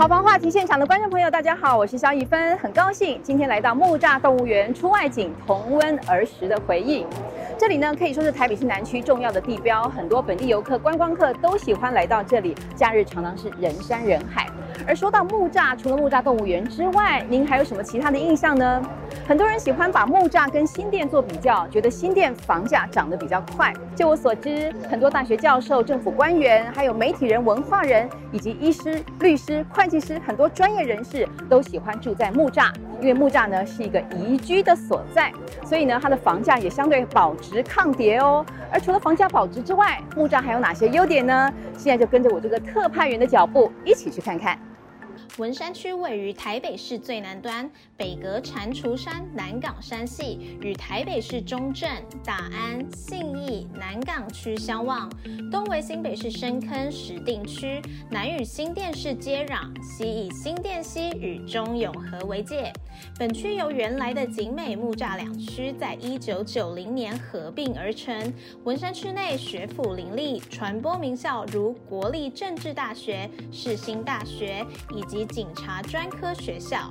好房話題現場的觀眾朋友，大家好，我是肖一芬，很高興今天來到木柵動物園出外景，重溫兒時的回憶。這裡呢可以說是台北市南區重要的地標，很多本地遊客、觀光客都喜歡來到這裡，假日常常是人山人海。而說到木柵，除了木柵動物園之外，您還有什麼其他的印象呢？很多人喜歡把木柵跟新店做比較，覺得新店房價漲得比較快。就我所知，很多大學教授、政府官員、還有媒體人、文化人以及醫師、律師、會計師，很多專業人士都喜歡住在木柵，因為木柵呢是一個宜居的所在，所以呢它的房價也相對保值抗跌哦。而除了房價保值之外，木柵還有哪些優點呢？現在就跟着我這個特派員的腳步一起去看看。文山區位於台北市最南端，北隔蟾蜍山、南港山系，與台北市中正、大安、信義、南港區相望；東為新北市深坑、石碇區，南與新店市接壤，西以新店溪與中永和為界。本區由原來的景美、木柵兩區，在一九九零年合併而成。文山區內學府林立，傳播名校如國立政治大學、世新大學以及。警察專科學校，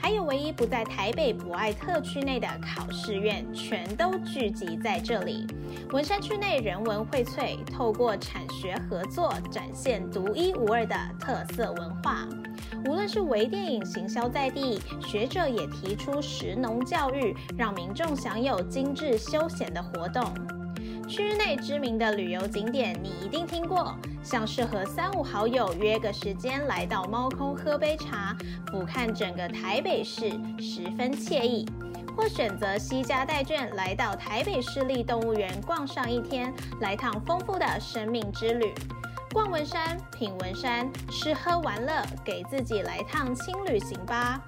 還有唯一不在台北博愛特區內的考試院，全都聚集在這裡。文山區內人文薈萃，透過產學合作展現獨一無二的特色文化。無論是微電影行銷在地，學者也提出食農教育，讓民眾享有精緻休閒的活動。區內知名的旅遊景點你一定聽過，像是和三五好友約個時間來到貓空喝杯茶，俯瞰整個台北市，十分愜意；或選擇攜家帶眷來到台北市立動物園逛上一天，來趟豐富的生命之旅。逛文山，品文山，吃喝玩樂，給自己來趟輕旅行吧。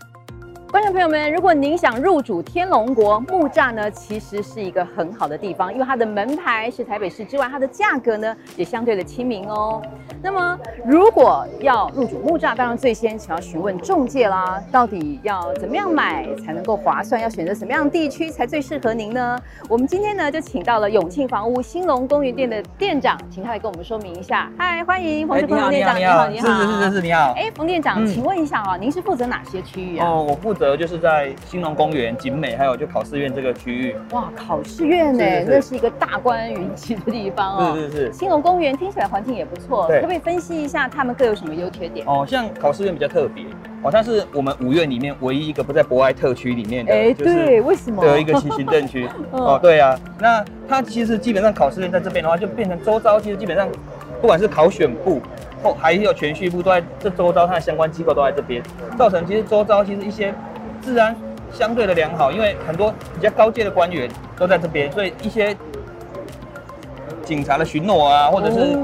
觀眾朋友們，如果您想入主天龍國木柵呢，其實是一個很好的地方，因為它的門牌是台北市之外，它的價格呢也相對的親民哦。那麼如果要入主木柵，當然最先想要詢問仲介啦，到底要怎麼樣買才能夠划算，要選擇什麼樣的地區才最適合您呢？我們今天呢就請到了永慶房屋興隆公園店的店長，請他來跟我們說明一下。嗨，歡迎，馮店長，你好，你好，是是是，是，你好。哎、欸，馮店長，嗯、請問一下啊，您是負責哪些區域、啊、哦，我負則就是在興隆公園、景美，還有就考試院這個區域。哇，考試院哎，是是是，那是一個大官雲集的地方哦。是是是，興隆公園聽起來環境也不錯。對可不可以分析一下他們各有什麼優缺點？哦，像考試院比較特別，好、哦、像是我們五院裡面唯一一個不在博愛特區裡面的。哎、欸，就是、對，為什麼？有一個行政區。 哦，哦，對啊。那它其實基本上考試院在這邊的話，就變成周遭其實基本上，不管是考選部。後還有全序部都在這周遭，它的相關機構都在這邊，造成其實周遭其實一些治安相對的良好，因為很多比較高階的官員都在這邊，所以一些警察的巡邏啊，或者是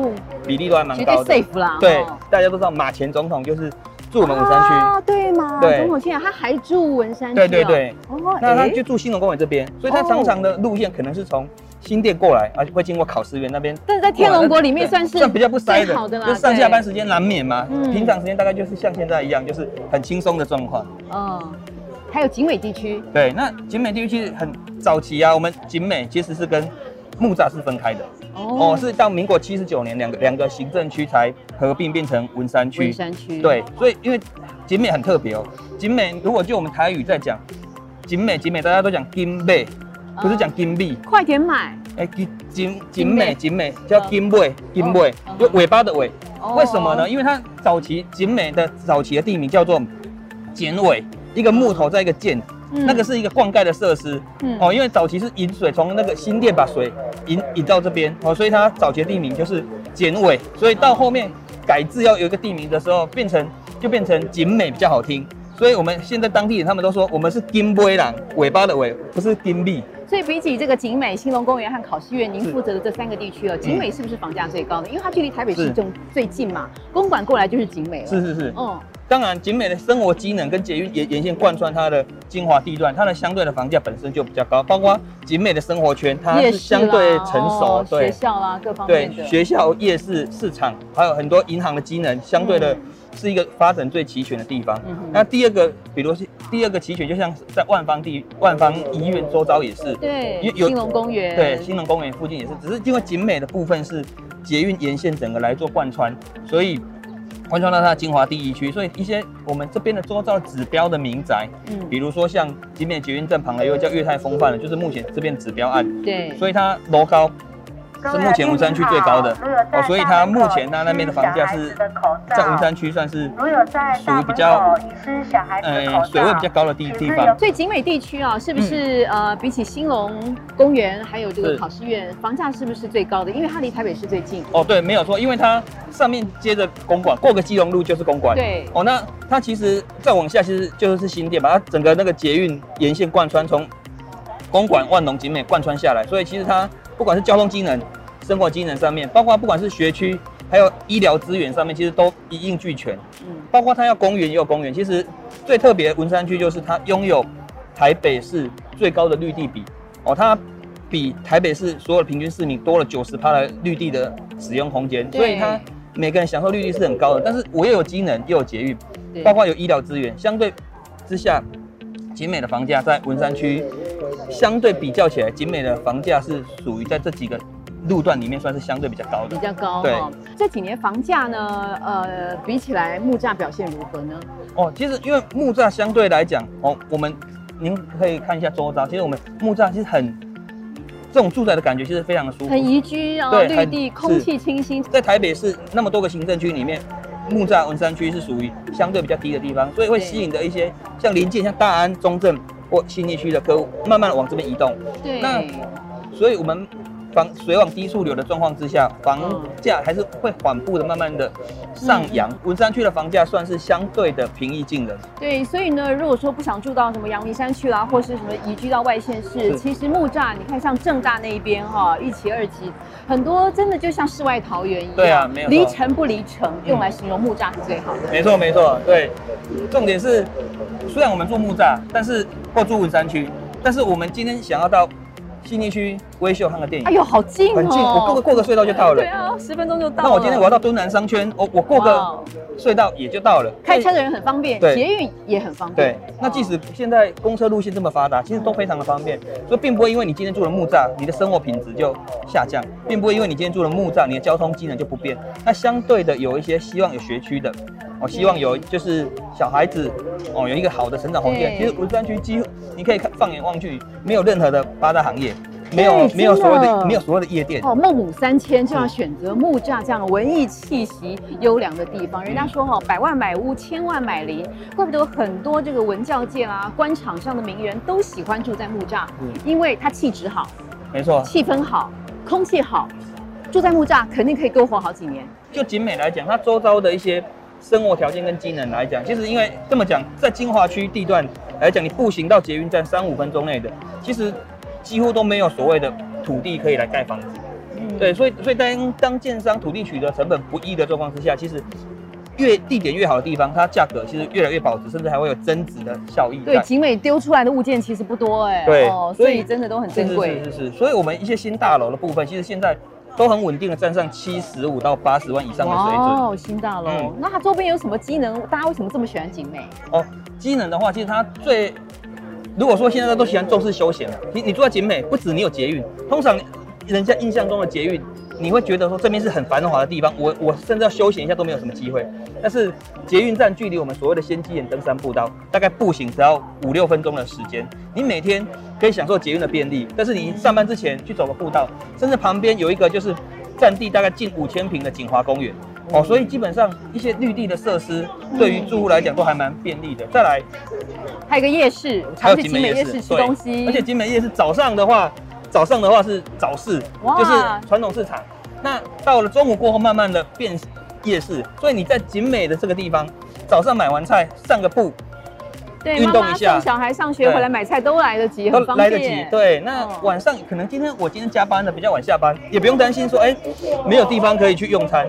比例都還蠻高的。哦、絕對 safe 啦、對、對、哦、大家都知道馬前總統就是住我們文山區、哦，對嗎？對，總統現在、啊、他還住文山區、哦，對對對。哦，欸、那他就住新農公園這邊，所以他常常的路線可能是從。新店過來啊，會經過考試院那邊，但是在天龍國裡面算是比較不塞的，的就上下班時間難免嘛，嗯、平常時間大概就是像現在一樣，就是很輕鬆的狀況。嗯，還有景美地區。對，那景美地區其實很早期啊，我們景美其實是跟木柵是分開的。哦、哦，是到民國七十九年，兩個兩個行政區才合併變成文山區。文山區。對，所以因為景美很特別哦，景美如果就我們台語在講，景美景美大家都講金貝。不是講金幣快點買！哎，錦景景美景美叫梘尾，梘尾就尾巴的尾。為什麼呢？因為它早期景美的早期的地名叫做梘尾，一個木頭再一個見，那個是一個灌溉的設施。哦，因為早期是引水從那個新店把水引引到這邊，哦，所以它早期的地名就是梘尾，所以到後面改制要有一個地名的時候，變成就變成景美比較好聽。所以我們現在當地人他們都說我們是景尾郎，尾巴的尾，不是景美。所以比起這個景美、興隆公園和考試院，您負責的這三個地區哦，是景美是不是房價最高的？嗯、因為它距離台北市中最近嘛，是公館過來就是景美了。是是是，嗯，當然景美的生活機能跟捷運沿沿線貫穿它的精華地段，它的相對的房價本身就比較高，包括景美的生活圈，它也相對成熟，哦、對學校啦各方面對學校、夜市、市場，還有很多銀行的機能，相對的、嗯。是一個發展最齊全的地方。嗯、哼那第二個，比如，是第二個齊全，就像在萬芳地、萬芳醫院周遭也是。對，有興隆公園。對，興隆公園附近也是。只是因為景美的部分是捷運沿線整個來做貫穿，所以貫穿到它的金華第一區，所以一些我們這邊的周遭指標的民宅，嗯，比如說像景美捷運站旁的，一個叫粵泰風範的，就是目前這邊指標案。嗯、對，所以它樓高。是目前文山區最高的哦，所以它目前它那邊的房價是，在文山區算是屬於比較、呃，水位比較高的地地方。所以景美地區啊，是不是、嗯、呃，比起興隆公園還有這個考試院，是房價是不是最高的？因為它離台北市最近。哦，對，沒有錯，因為它上面接着公館，過個基隆路就是公館。對，哦，那它其實再往下，其實就是新店把它整個那個捷運沿線貫穿，從公館、萬隆、景美貫穿下來，所以其實它。不管是交通機能、生活機能上面，包括不管是學區，還有醫療資源上面，其實都一應俱全。嗯，包括它要公園也有公園。其實最特別的文山區就是它擁有台北市最高的綠地比哦，它比台北市所有的平均市民多了九十趴的綠地的使用空間，對所以它每個人享受綠地是很高的。但是我又有機能又有捷運，包括有醫療資源，相對之下。景美的房價在文山區相對比較起來，景美的房價是屬於在這幾個路段裡面算是相對比較高的。比較高、哦。對，這幾年房價呢，呃，比起來木柵表現如何呢？哦，其實因為木柵相對來講，哦，我們您可以看一下周遭，其實我們木柵其實很這種住宅的感覺，其實非常的舒服，很宜居、哦，然後綠地，空氣清新。在台北市那麼多個行政區裡面。木柵文山區是屬於相對比較低的地方，所以會吸引着一些像臨近像大安、中正或新店區的客戶，慢慢往這邊移動。對 那所以我們。房水往低處流的狀況之下，房價還是會緩步的，慢慢的上揚。文、嗯嗯嗯嗯、山區的房價算是相對的平易近人。對，所以呢，如果說不想住到什麼陽明山區啦，或是什麼移居到外縣市，是其實木柵，你看像政大那一邊哈，一期二期很多真的就像世外桃源一樣。對啊，沒有離塵不離城，用來形容木柵是最好的。沒錯，嗯，沒錯，對。重點是，雖然我們住木柵，但是或住文山區，但是我們今天想要到。信義區威秀看個電影。哎呦，好近哦、喔！我過個過個隧道就到了。對啊，十分鐘就到了。那我今天我要到敦南商圈，我我過個隧道也就到了。Wow. 開車的人很方便，對，捷運也很方便。對，那即使現在公車路線這麼發達，其實都非常的方便，嗯、所以並不會因為你今天住了木柵，你的生活品質就下降，並不會因為你今天住了木柵，你的交通機能就不變。那相對的，有一些希望有學區的，我、哦、希望有就是小孩子，哦，有一個好的成長環境。對其實文山區幾乎你可以看放眼望去，沒有任何的八大行業。沒有，沒有所謂的，沒有所謂的夜店。哦，孟母三遷就要選擇木柵是這樣文藝氣息優良的地方。人家說哈、哦，嗯、百萬買屋，千萬買鄰。怪不得很多這個文教界啦、啊、官場上的名人都喜歡住在木柵，嗯、因為它氣質好，沒錯，氣氛好，空氣好，住在木柵肯定可以多活好幾年。就景美來講，它周遭的一些生活條件跟機能來講，其實因為這麼講，在精華區地段來講，你步行到捷運站三五分鐘內的，其實。幾乎都沒有所謂的土地可以來蓋房子，嗯、對，所以所以當當建商土地取得成本不易的狀況之下，其實越地點越好的地方，它價格其實越來越保值，甚至還會有增值的效益。對，景美丟出來的物件其實不多哎、欸，對，所以真的都很珍貴。是，是是是，所以我們一些新大樓的部分，其實現在都很穩定的站上七十五到八十萬以上的水準。哦，新大樓，嗯、那它周邊有什麼機能？大家為什麼這麼喜歡景美？哦，機能的話，其實它最如果說現在都都喜歡重視休閒了，你你住在景美，不止，你有捷運。通常人家印象中的捷運，你會覺得說這邊是很繁華的地方。我我甚至要休閒一下都沒有什麼機會。但是捷運站距離我們所謂的仙跡岩登山步道，大概步行只要五六分鐘的時間。你每天可以享受捷運的便利，但是你上班之前去走個步道，甚至旁邊有一個就是佔地大概近五千坪的景華公園。哦，所以基本上一些綠地的設施，對於住戶來講都還蠻便利的。再來，還有個夜市，還有景美夜市吃東西，而且景美夜市早上的話，早上的話是早市，就是傳統市場。那到了中午過後，慢慢的變夜市。所以你在景美的這個地方，早上買完菜，散個步。運對動一下，媽媽小孩上學回來買菜都來得及，對很方便都來得及。對，哦、那晚上可能今天我今天加班了，比較晚下班，也不用擔心說，哎、欸，沒有地方可以去用餐。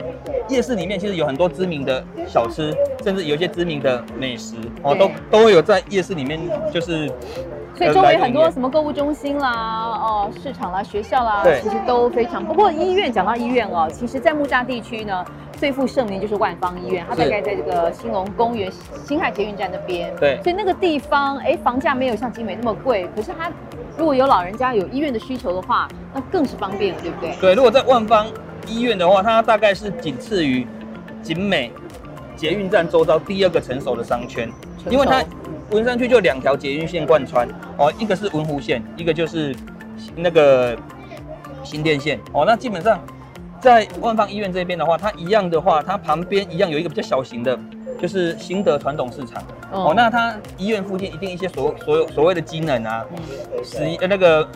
夜市裡面其實有很多知名的小吃，啊、甚至有一些知名的美食哦，對都都會有在夜市裡面，就是。所以周圍很多什麼購物中心啦、哦市場啦、學校啦，對其實都非常。不過醫院講到醫院哦、喔，其實在木柵地區呢，最負盛名就是萬芳醫院，它大概在這個興隆公園、辛亥捷運站那邊。對，所以那個地方，哎、欸，房價沒有像景美那麼貴，可是它如果有老人家有醫院的需求的話，那更是方便了，對不對？對，如果在萬芳醫院的話，它大概是僅次於景美捷運站周遭第二個成熟的商圈，熟因為它。文山區就兩條捷運線貫穿哦，一個是文湖線，一個就是那個新店線哦。那基本上在萬芳醫院這邊的話，它一樣的話，它旁邊一樣有一個比較小型的，就是新德傳統市場哦,哦。那它醫院附近一定一些所有所謂所謂的機能啊，嗯、食那個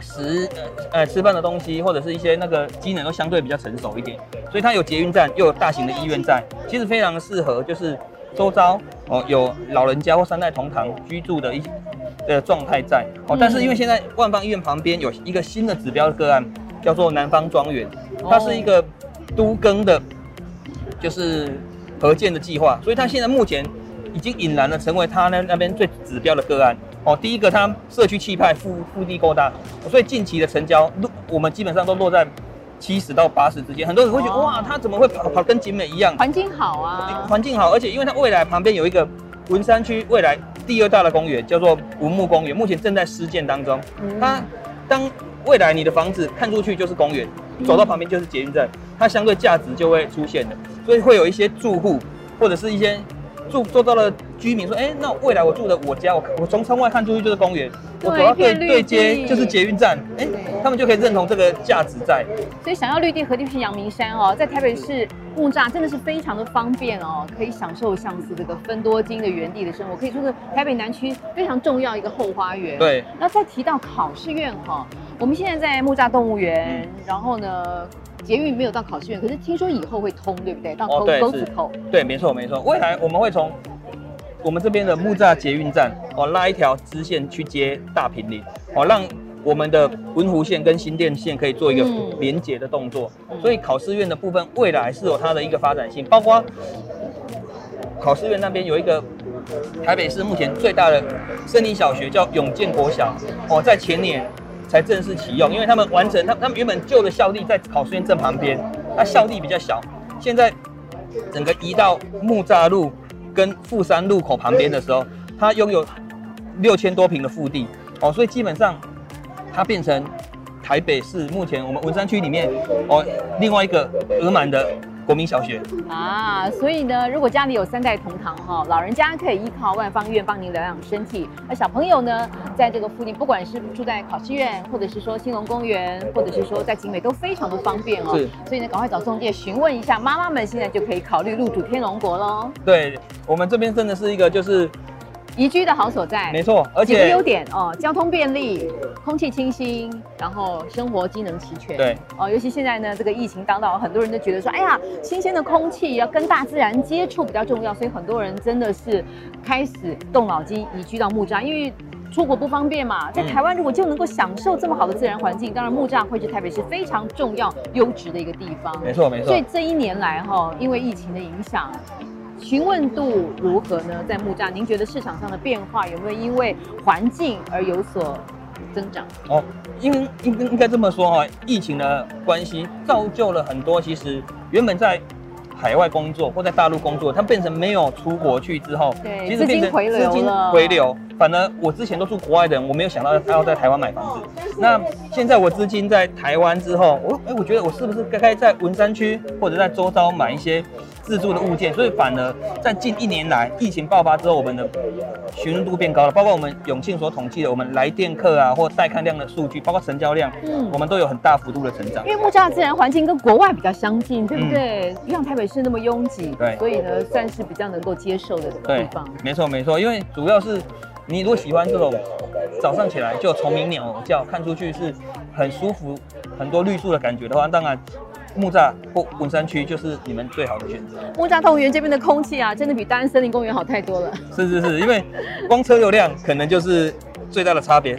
食呃吃飯的東西或者是一些那個機能都相對比較成熟一點，所以它有捷運站又有大型的醫院在，其實非常適合就是。周遭哦，有老人家或三代同堂居住的一的狀態在哦，但是因為現在萬芳醫院旁邊有一個新的指標的個案，叫做南方莊園，它是一個都更的，就是合建的計劃，所以它現在目前已經儼然了成為它那那邊最指標的個案哦。第一個，它社區氣派、腹腹地夠大，所以近期的成交我們基本上都落在。七十到八十之間，很多人會覺得、oh. 哇，他怎麼會跑跑跟景美一樣？環境好啊，環境好，而且因為它未來旁邊有一個文山區未來第二大的公園叫做文木公園，目前正在施建當中。它、嗯、當未來你的房子看出去就是公園，嗯、走到旁邊就是捷運站，它相對價值就會出現的。所以會有一些住戶或者是一些住做到了。居民說：“哎、欸，那未來我住的我家，我我從窗外看出去就是公園，對我主要對綠對接就是捷運站，哎、欸，對他們就可以認同這個價值在。所以想要綠地，何必去陽明山哦？在台北市木柵真的是非常的方便哦，可以享受像是這個芬多精的原地的生活，可以說是台北南區非常重要一個後花園。對，那再提到考試院哈、哦，我們現在在木柵動物園，嗯、然後呢捷運沒有到考試院，可是聽說以後會通，對不對？到溝溝子口，對，沒錯沒錯，未來我們會從。”我們這邊的木柵捷運站，哦，拉一條支線去接大坪林，哦，讓我們的文湖線跟新店線可以做一個連結的動作。所以考試院的部分，未來是有它的一個發展性。包括考試院那邊有一個台北市目前最大的森林小學，叫永建國小，哦，在前年才正式啟用，因為他們完成，他他們原本舊的校地在考試院正旁邊，他校地比較小，現在整個移到木柵路，跟富山路口旁邊的時候，它擁有六千多坪的腹地哦，所以基本上它變成台北市目前我們文山區裡面哦，另外一個額滿的。國民小學啊，所以呢，如果家裡有三代同堂哈、哦，老人家可以依靠萬芳醫院幫您療養身體，那小朋友呢，在這個附近，不管是住在考試院，或者是說興隆公園，或者是說在景美，都非常的方便哦。對是，所以呢，趕快找中介詢問一下，媽媽們現在就可以考慮入主天龍國嘍。對，我們這邊真的是一個就是。宜居的好所在，沒錯，而且幾個優點哦，交通便利，空氣清新，然後生活機能齊全。對，哦，尤其現在呢，這個疫情當道，很多人都覺得說，哎呀，新鮮的空氣要跟大自然接觸比較重要，所以很多人真的是開始動腦筋移居到木柵，因為出國不方便嘛，在台灣如果就能夠享受這麼好的自然環境，嗯、當然木柵會是台北市非常重要、優質的一個地方。沒錯，沒錯。所以這一年來哈、哦，因為疫情的影響。詢問度如何呢？在木柵，您覺得市場上的變化有沒有因為環境而有所增長？哦，應應應該這麼說哈，疫情的關係造就了很多，其實原本在海外工作或在大陸工作，它變成沒有出國去之後，對，其實變成資金回流。反而我之前都住國外的人，我沒有想到他要在台灣買房子。那現在我資金在台灣之後，我哎、欸，我覺得我是不是該在文山區或者在周遭買一些自住的物件？所以反而在近一年來疫情爆發之後，我們的詢問度變高了。包括我們永慶所統計的我們來電客啊，或帶看量的數據，包括成交量，嗯，我們都有很大幅度的成長。因為木柵自然環境跟國外比較相近，對不對？不像、嗯、台北市那麼擁擠，對，所以呢沒錯，算是比較能夠接受的地方。對沒錯沒錯，因為主要是。你如果喜歡這種早上起來就有蟲鳴鳥、哦、叫，看出去是很舒服、很多綠樹的感覺的話，當然木柵或文山區就是你們最好的選擇。木柵動物園這邊的空氣啊，真的比大安森林公園好太多了。是是是，因為光車流量可能就是最大的差別。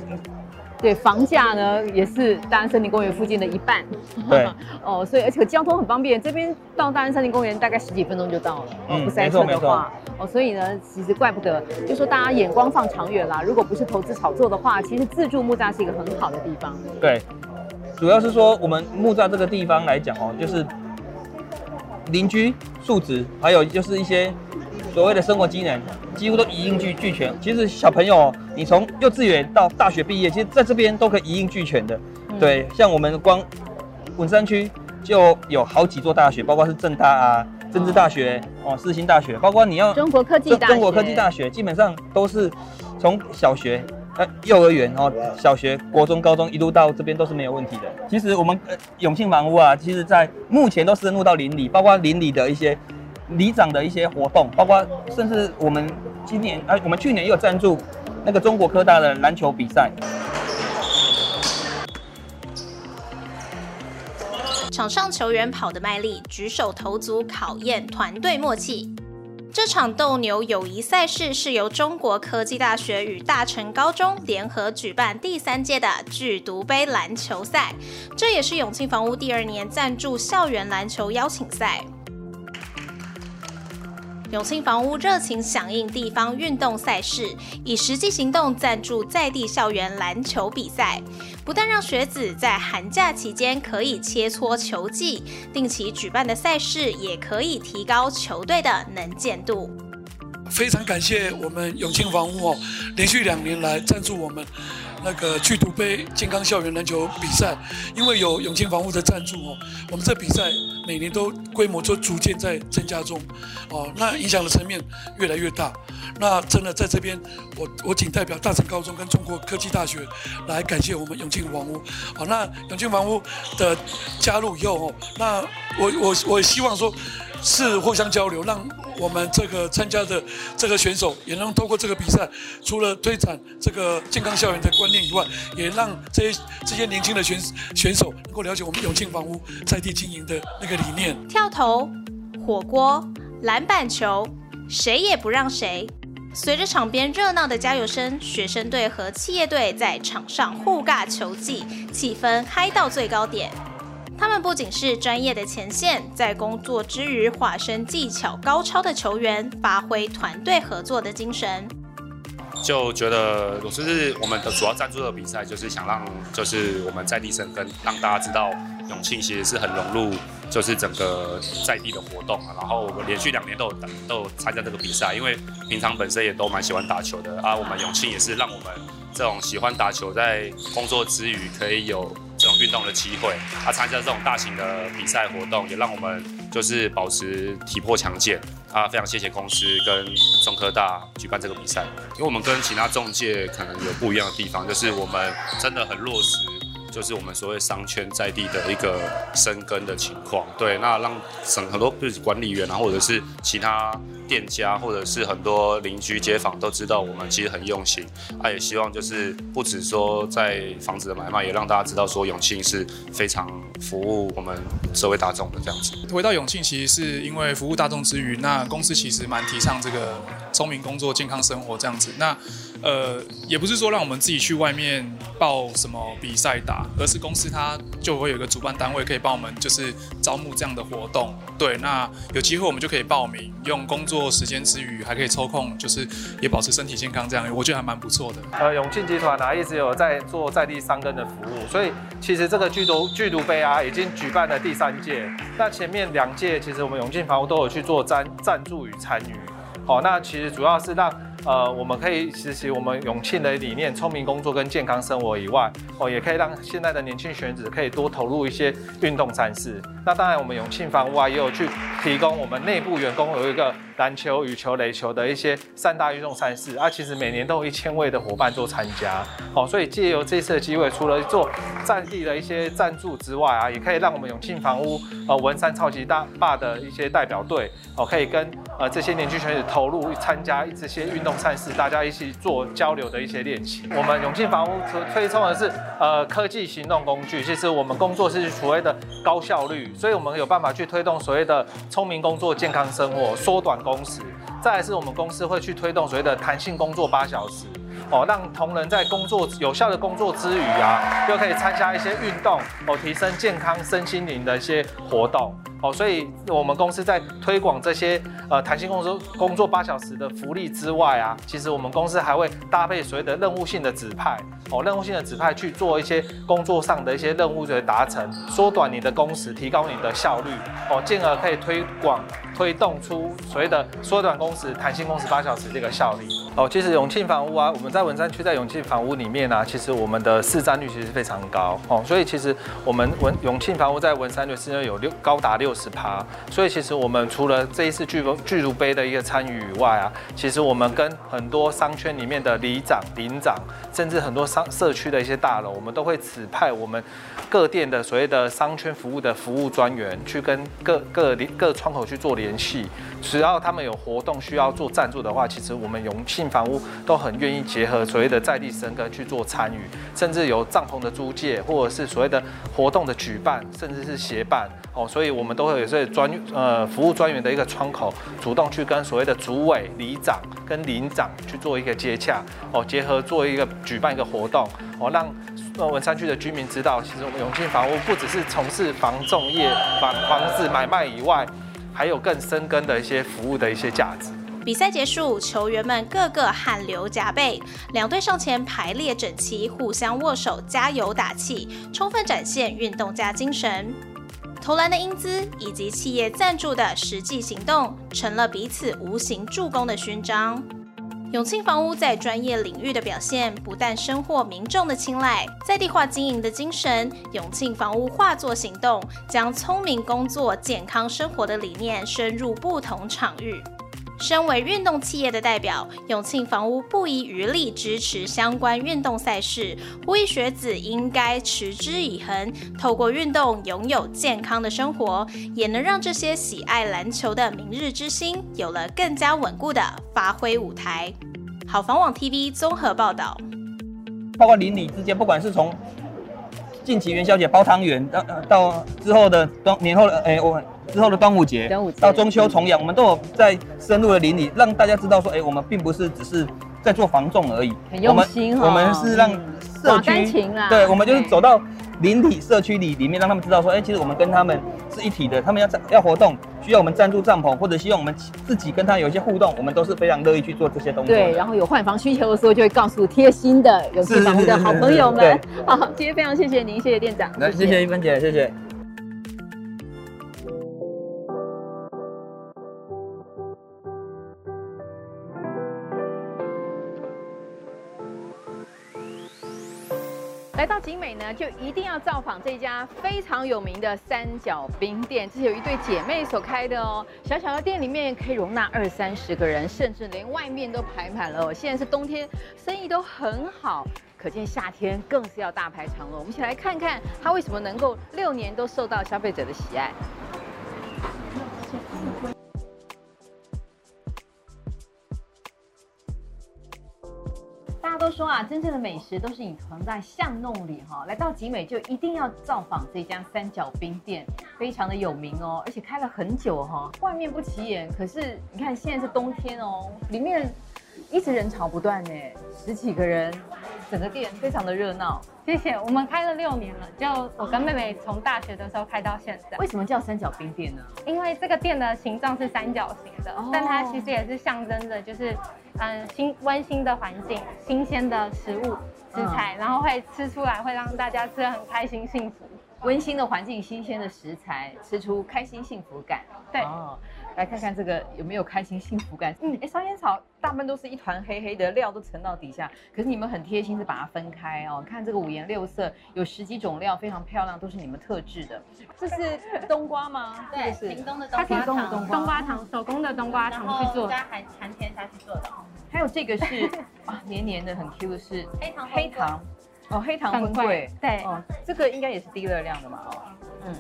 對房價呢，也是大安森林公園附近的一半。對。 哦，所以而且交通很方便，這邊到大安森林公園大概十幾分鐘就到了，嗯、不塞車的話。哦，所以呢，其實怪不得，就是、說大家眼光放長遠啦。如果不是投資炒作的話，其實自住木柵是一個很好的地方。對，主要是說我們木柵這個地方來講哦，就是鄰居素質，還有就是一些。所謂的生活機能，幾乎都一應俱俱全。其實小朋友，你從幼稚園到大學畢業，其實在這邊都可以一應俱全的。嗯、對，像我們光文山區就有好幾座大學，包括是政大啊、政治大學、哦、哦、世新大學，包括你要中國科技大、中國科技大學，大學基本上都是從小學、呃、幼兒園、哦，小學、國中、高中一路到這邊都是沒有問題的。其實我們、呃、永慶房屋啊，其實在目前都深入到鄰里，包括鄰里的一些。里長的一些活動，包括甚至我們今年，啊，我們去年也有贊助那個中國科大的籃球比賽。場上球員跑得賣力，舉手投足考驗團隊默契。這場鬥牛友誼賽事是由中國科技大學與大誠高中聯合舉辦第三屆的“劇毒盃”籃球賽，這也是永慶房屋第二年贊助校園籃球邀請賽。永慶房屋熱情響應地方運動賽事，以實際行動贊助在地校園籃球比賽，不但讓學子在寒假期間可以切磋球技，定期舉辦的賽事也可以提高球隊的能見度。非常感謝我們永慶房屋哦，連續兩年來贊助我們。那個去毒杯健康校園籃球比賽，因為有永慶房屋的贊助哦，我們這比賽每年都規模就逐漸在增加中，哦，那影響的層面越來越大。那真的在這邊，我我謹代表大誠高中跟中國科技大學來感謝我們永慶房屋。好，那永慶房屋的加入以後哦，那我我我希望說。是互相交流，讓我們這個參加的這個選手也能透過這個比賽，除了推展這個健康校園的觀念以外，也讓這些這些年輕的選選手能夠了解我們永慶房屋在地經營的那個理念。跳投、火鍋、籃板球，誰也不讓誰。隨着場邊熱鬧的加油聲，學生隊和企業隊在場上互尬球技，氣氛嗨到最高點。他們不僅是專業的前線，在工作之餘化身技巧高超的球員，發揮團隊合作的精神。就覺得就是我們的主要贊助的比賽，就是想讓就是我們在地生分，讓大家知道永慶其實是很融入就是整個在地的活動啊。然後我們連續兩年都有都有參加這個比賽，因為平常本身也都蠻喜歡打球的啊。我們永慶也是讓我們這種喜歡打球，在工作之餘可以有。這種運動的機會，他、啊、參加這種大型的比賽活動，也讓我們就是保持體魄強健。啊，非常謝謝公司跟中科大舉辦這個比賽，因為我們跟其他仲介可能有不一樣的地方，就是我們真的很落實。就是我們所謂商圈在地的一個深耕的情況，對，那讓省很多就是管理員、啊，然後或者是其他店家，或者是很多鄰居街坊都知道我們其實很用心，啊，也希望就是不止說在房子的買賣，也讓大家知道說永慶是非常服務我們社會大眾的這樣子。回到永慶，其實是因為服務大眾之餘，那公司其實蠻提倡這個。聰明工作，健康生活這樣子。那，呃，也不是說讓我們自己去外面報什麼比賽打，而是公司它就會有一個主辦單位，可以幫我們就是招募這樣的活動。對，那有機會我們就可以報名，用工作時間之餘還可以抽空，就是也保持身體健康這樣，我覺得還蠻不錯的。呃，永慶集團啊，一直有在做在地深耕的服務，所以其實這個劇毒劇毒盃啊，已經舉辦了第三屆。那前面兩屆其實我們永慶房屋都有去做贊贊助與參與。哦，那其實主要是讓。呃，我們可以實習我們永慶的理念，聰明工作跟健康生活以外，哦，也可以讓現在的年輕學子可以多投入一些運動賽事。那當然，我們永慶房屋啊，也有去提供我們內部員工有一個籃球、羽球、壘球的一些三大運動賽事。啊，其實每年都有一千位的伙伴做參加。哦，所以借由這次的機會，除了做戰地的一些贊助之外啊，也可以讓我們永慶房屋呃文山超級大壩的一些代表隊，哦，可以跟呃這些年輕選手投入參加這些運。用賽事，大家一起做交流的一些練習。我們永慶房屋推推崇的是，呃，科技行動工具。其實我們工作是所謂的高效率，所以我們有辦法去推動所謂的聰明工作、健康生活、縮短工時。再來是我們公司會去推動所謂的彈性工作八小時，哦，讓同仁在工作有效的工作之餘啊，又可以參加一些運動，哦，提升健康身心靈的一些活動。哦，所以我們公司在推廣這些呃彈性工作工作八小時的福利之外啊，其實我們公司還會搭配所謂的任務性的指派，哦，任務性的指派去做一些工作上的一些任務的達成，縮短你的工時，提高你的效率，哦，進而可以推廣、推動出所謂的縮短工時、彈性工時八小時這個效率。哦，其實永慶房屋啊，我們在文山區在永慶房屋裡面啊，其實我們的市占率其實非常高，哦，所以其實我們文永慶房屋在文山區是因為有六高達六。就是他，所以其實我們除了這一次巨杯巨乳杯的一個參與以外啊，其實我們跟很多商圈裡面的里長、鄰長，甚至很多商社區的一些大樓，我們都會指派我們各店的所謂的商圈服務的服務專員去跟各各各窗口去做聯繫。只要他們有活動需要做贊助的話，其實我們永慶房屋都很願意結合所謂的在地生根去做參與，甚至有帳篷的租借，或者是所謂的活動的舉辦，甚至是協辦。哦，所以我們都會有這專呃服務專員的一個窗口，主動去跟所謂的主委、里長跟鄰長去做一個接洽，哦，結合做一個舉辦一個活動，哦，讓呃文山區的居民知道，其實我們永慶房屋不只是從事房仲業房房子買賣以外，還有更深耕的一些服務的一些價值。比賽結束，球員們個個汗流浹背，兩隊上前排列整齊，互相握手加油打氣，充分展現運動家精神。投籃的英姿以及企業贊助的實際行動，成了彼此無形助攻的勳章。永慶房屋在專業領域的表現，不但深獲民眾的青睞，在地化經營的精神，永慶房屋化作行動，將聰明工作、健康生活的理念深入不同場域。身為運動企業的代表，永慶房屋不遺餘力支持相關運動賽事。呼籲學子應該持之以恆，透過運動擁有健康的生活，也能讓這些喜愛籃球的明日之星有了更加穩固的發揮舞台。好房網 TV 綜合報道。包括鄰里之間，不管是從。近期元宵節包湯圓，到到之後的年後的哎、欸，我之後的端午節，端午到中秋重陽，我們都有在深入的鄰里，讓大家知道說，哎、欸，我們並不是只是在做房仲而已，很用心哦、我們我們是讓社區，嗯、對，我們就是走到。Okay. 鄰里社區裡裡面，讓他們知道說，哎、欸，其實我們跟他們是一體的。他們要要活動，需要我們贊助帳篷，或者希望我們自己跟他有一些互動，我們都是非常樂意去做這些東西。對，然後有換房需求的時候，就會告訴貼心的有住房的好朋友們。好，今天非常謝謝您，謝謝店長。謝謝，來，謝謝一芬姐，謝謝。來到景美呢，就一定要造訪這家非常有名的三角冰店，這是有一對姐妹所開的哦。小小的店裡面可以容納二三十個人，甚至連外面都排滿了哦。現在是冬天，生意都很好，可見夏天更是要大排長龍。我們一起來看看它為什麼能夠六年都受到消費者的喜愛。大家都說啊，真正的美食都是隱藏在巷弄裡哈、哦。來到景美就一定要造訪這家三角冰店，非常的有名哦，而且開了很久哈、哦。外面不起眼，可是你看現在是冬天哦，裡面一直人潮不斷呢，十幾個人，整個店非常的熱鬧。謝謝，我們開了六年了，就我跟妹妹從大學的時候開到現在。為什麼叫三角冰店呢？因為這個店的形狀是三角形的，哦、但它其實也是象徵着就是。嗯，新溫馨的環境，新鮮的食物食材，嗯、然後會吃出來，會讓大家吃的很開心、幸福。溫馨的環境，新鮮的食材，吃出開心幸福感。對。Oh. 來看看這個有沒有開心幸福感？嗯，哎，燒仙草大部分都是一團黑黑的料都沉到底下，可是你們很貼心是把它分開哦。看這個五顏六色，有十幾種料，非常漂亮，都是你們特制的。這是冬瓜嗎？對，是它是的冬瓜糖。冬瓜糖，手工的冬瓜糖去做。然後寒天下去做的。還有這個是啊，黏黏的，很 Q 的是黑糖黑糖哦，黑糖粉粿對，這個應該也是低熱量的嘛？哦，嗯。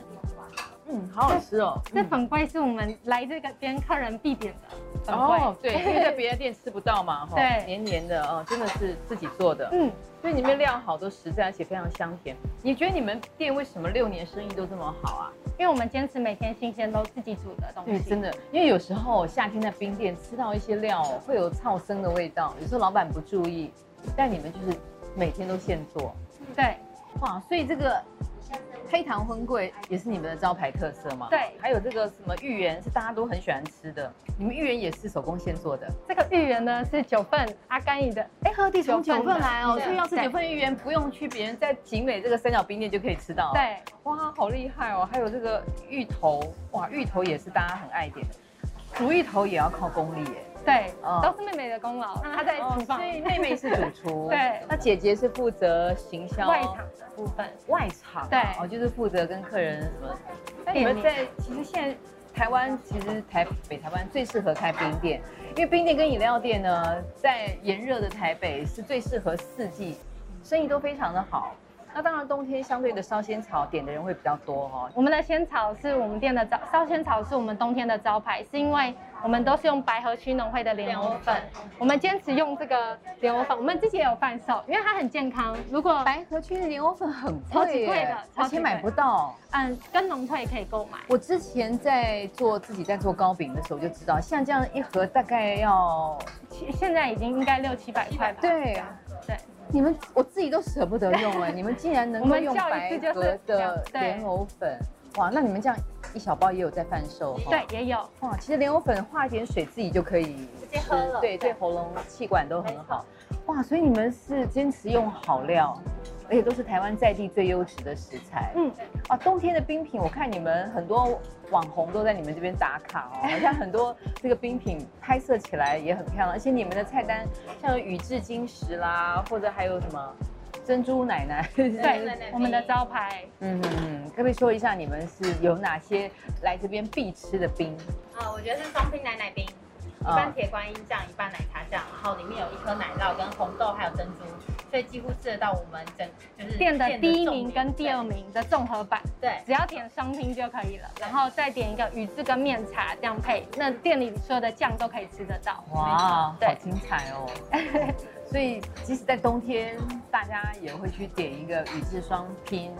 嗯，好好吃哦！這，這粉粿是我們來這個店客人必點的。嗯、粉粿。哦，對，對，因為在別的店吃不到嘛，哈。對，黏黏的哦，真的是自己做的。嗯，所以裡面料好，都實在，而且非常香甜。你覺得你們店為什麼六年生意都這麼好啊？因為我們堅持每天新鮮，都自己煮的東西。對，真的。因為有時候夏天在冰店吃到一些料會有燥生的味道，有時候老闆不注意，但你們就是每天都現做。對，哇，所以這個。黑糖婚櫃也是你們的招牌特色嗎？對，還有這個什麼芋圓是大家都很喜歡吃的，你們芋圓也是手工現做的。這個芋圓呢是九份阿柑姨的，哎、欸，喝，特地從九份來哦，所以對要吃九份芋圓，對不用去別人，在景美這個三角冰店就可以吃到。對，哇，好厲害哦！還有這個芋頭，哇，芋頭也是大家很愛點的，煮芋頭也要靠功力耶。對，嗯、都是妹妹的功勞，嗯、她在主，所以、哦、妹妹是主廚。 對，那姐姐是負責行銷外場的部分，外場對、哦，就是負責跟客人那對你們在其實現在、嗯、台灣，其實台北台灣最適合開冰店，因為冰店跟飲料店呢，在炎熱的台北是最適合四季，生意都非常的好。那當然冬天相對的燒仙草點的人會比較多哦。我們的仙草是我們店的招，燒仙草是我們冬天的招牌，是因為。我們都是用白河區農會的蓮藕粉，我們堅持用這個蓮藕粉。我們自己也有販售，因為它很健康。如果白河區的蓮藕粉很貴的，而且買不到，嗯，跟農會可以購買。我之前在做自己在做糕餅的時候就知道，像這樣一盒大概要，現在已經應該六七百塊吧。對啊，對，你們我自己都捨不得用了，你們竟然能夠用白河的蓮藕粉。哇，那你們這樣一小包也有在販售哈？對，哦、也有。哇，其實蓮藕粉化一點水自己就可以直接喝了，對，對，對，對喉嚨氣管都很好。沒錯。哇，所以你們是堅持用好料，而且都是台灣在地最優質的食材。嗯，啊，冬天的冰品，我看你們很多網紅都在你們這邊打卡哦，像很多這個冰品拍攝起來也很漂亮，而且你們的菜單像宇治金時啦，或者還有什麼？珍珠奶奶對我們的招牌。嗯嗯嗯，可不可以說一下你們是有哪些來這邊必吃的冰？啊，我覺得是雙拼奶奶冰，一半鐵觀音醬，一半奶茶醬，然後裡面有一顆奶酪，跟紅豆還有珍珠，所以幾乎吃得到我們整就是店的第一名跟第二名的綜合版。對，只要點雙拼就可以了，然後再點一個魚子跟麵茶這樣配，那店裡所有的醬都可以吃得到。哇，好精彩哦！所以，即使在冬天，大家也會去點一個宇治雙拼，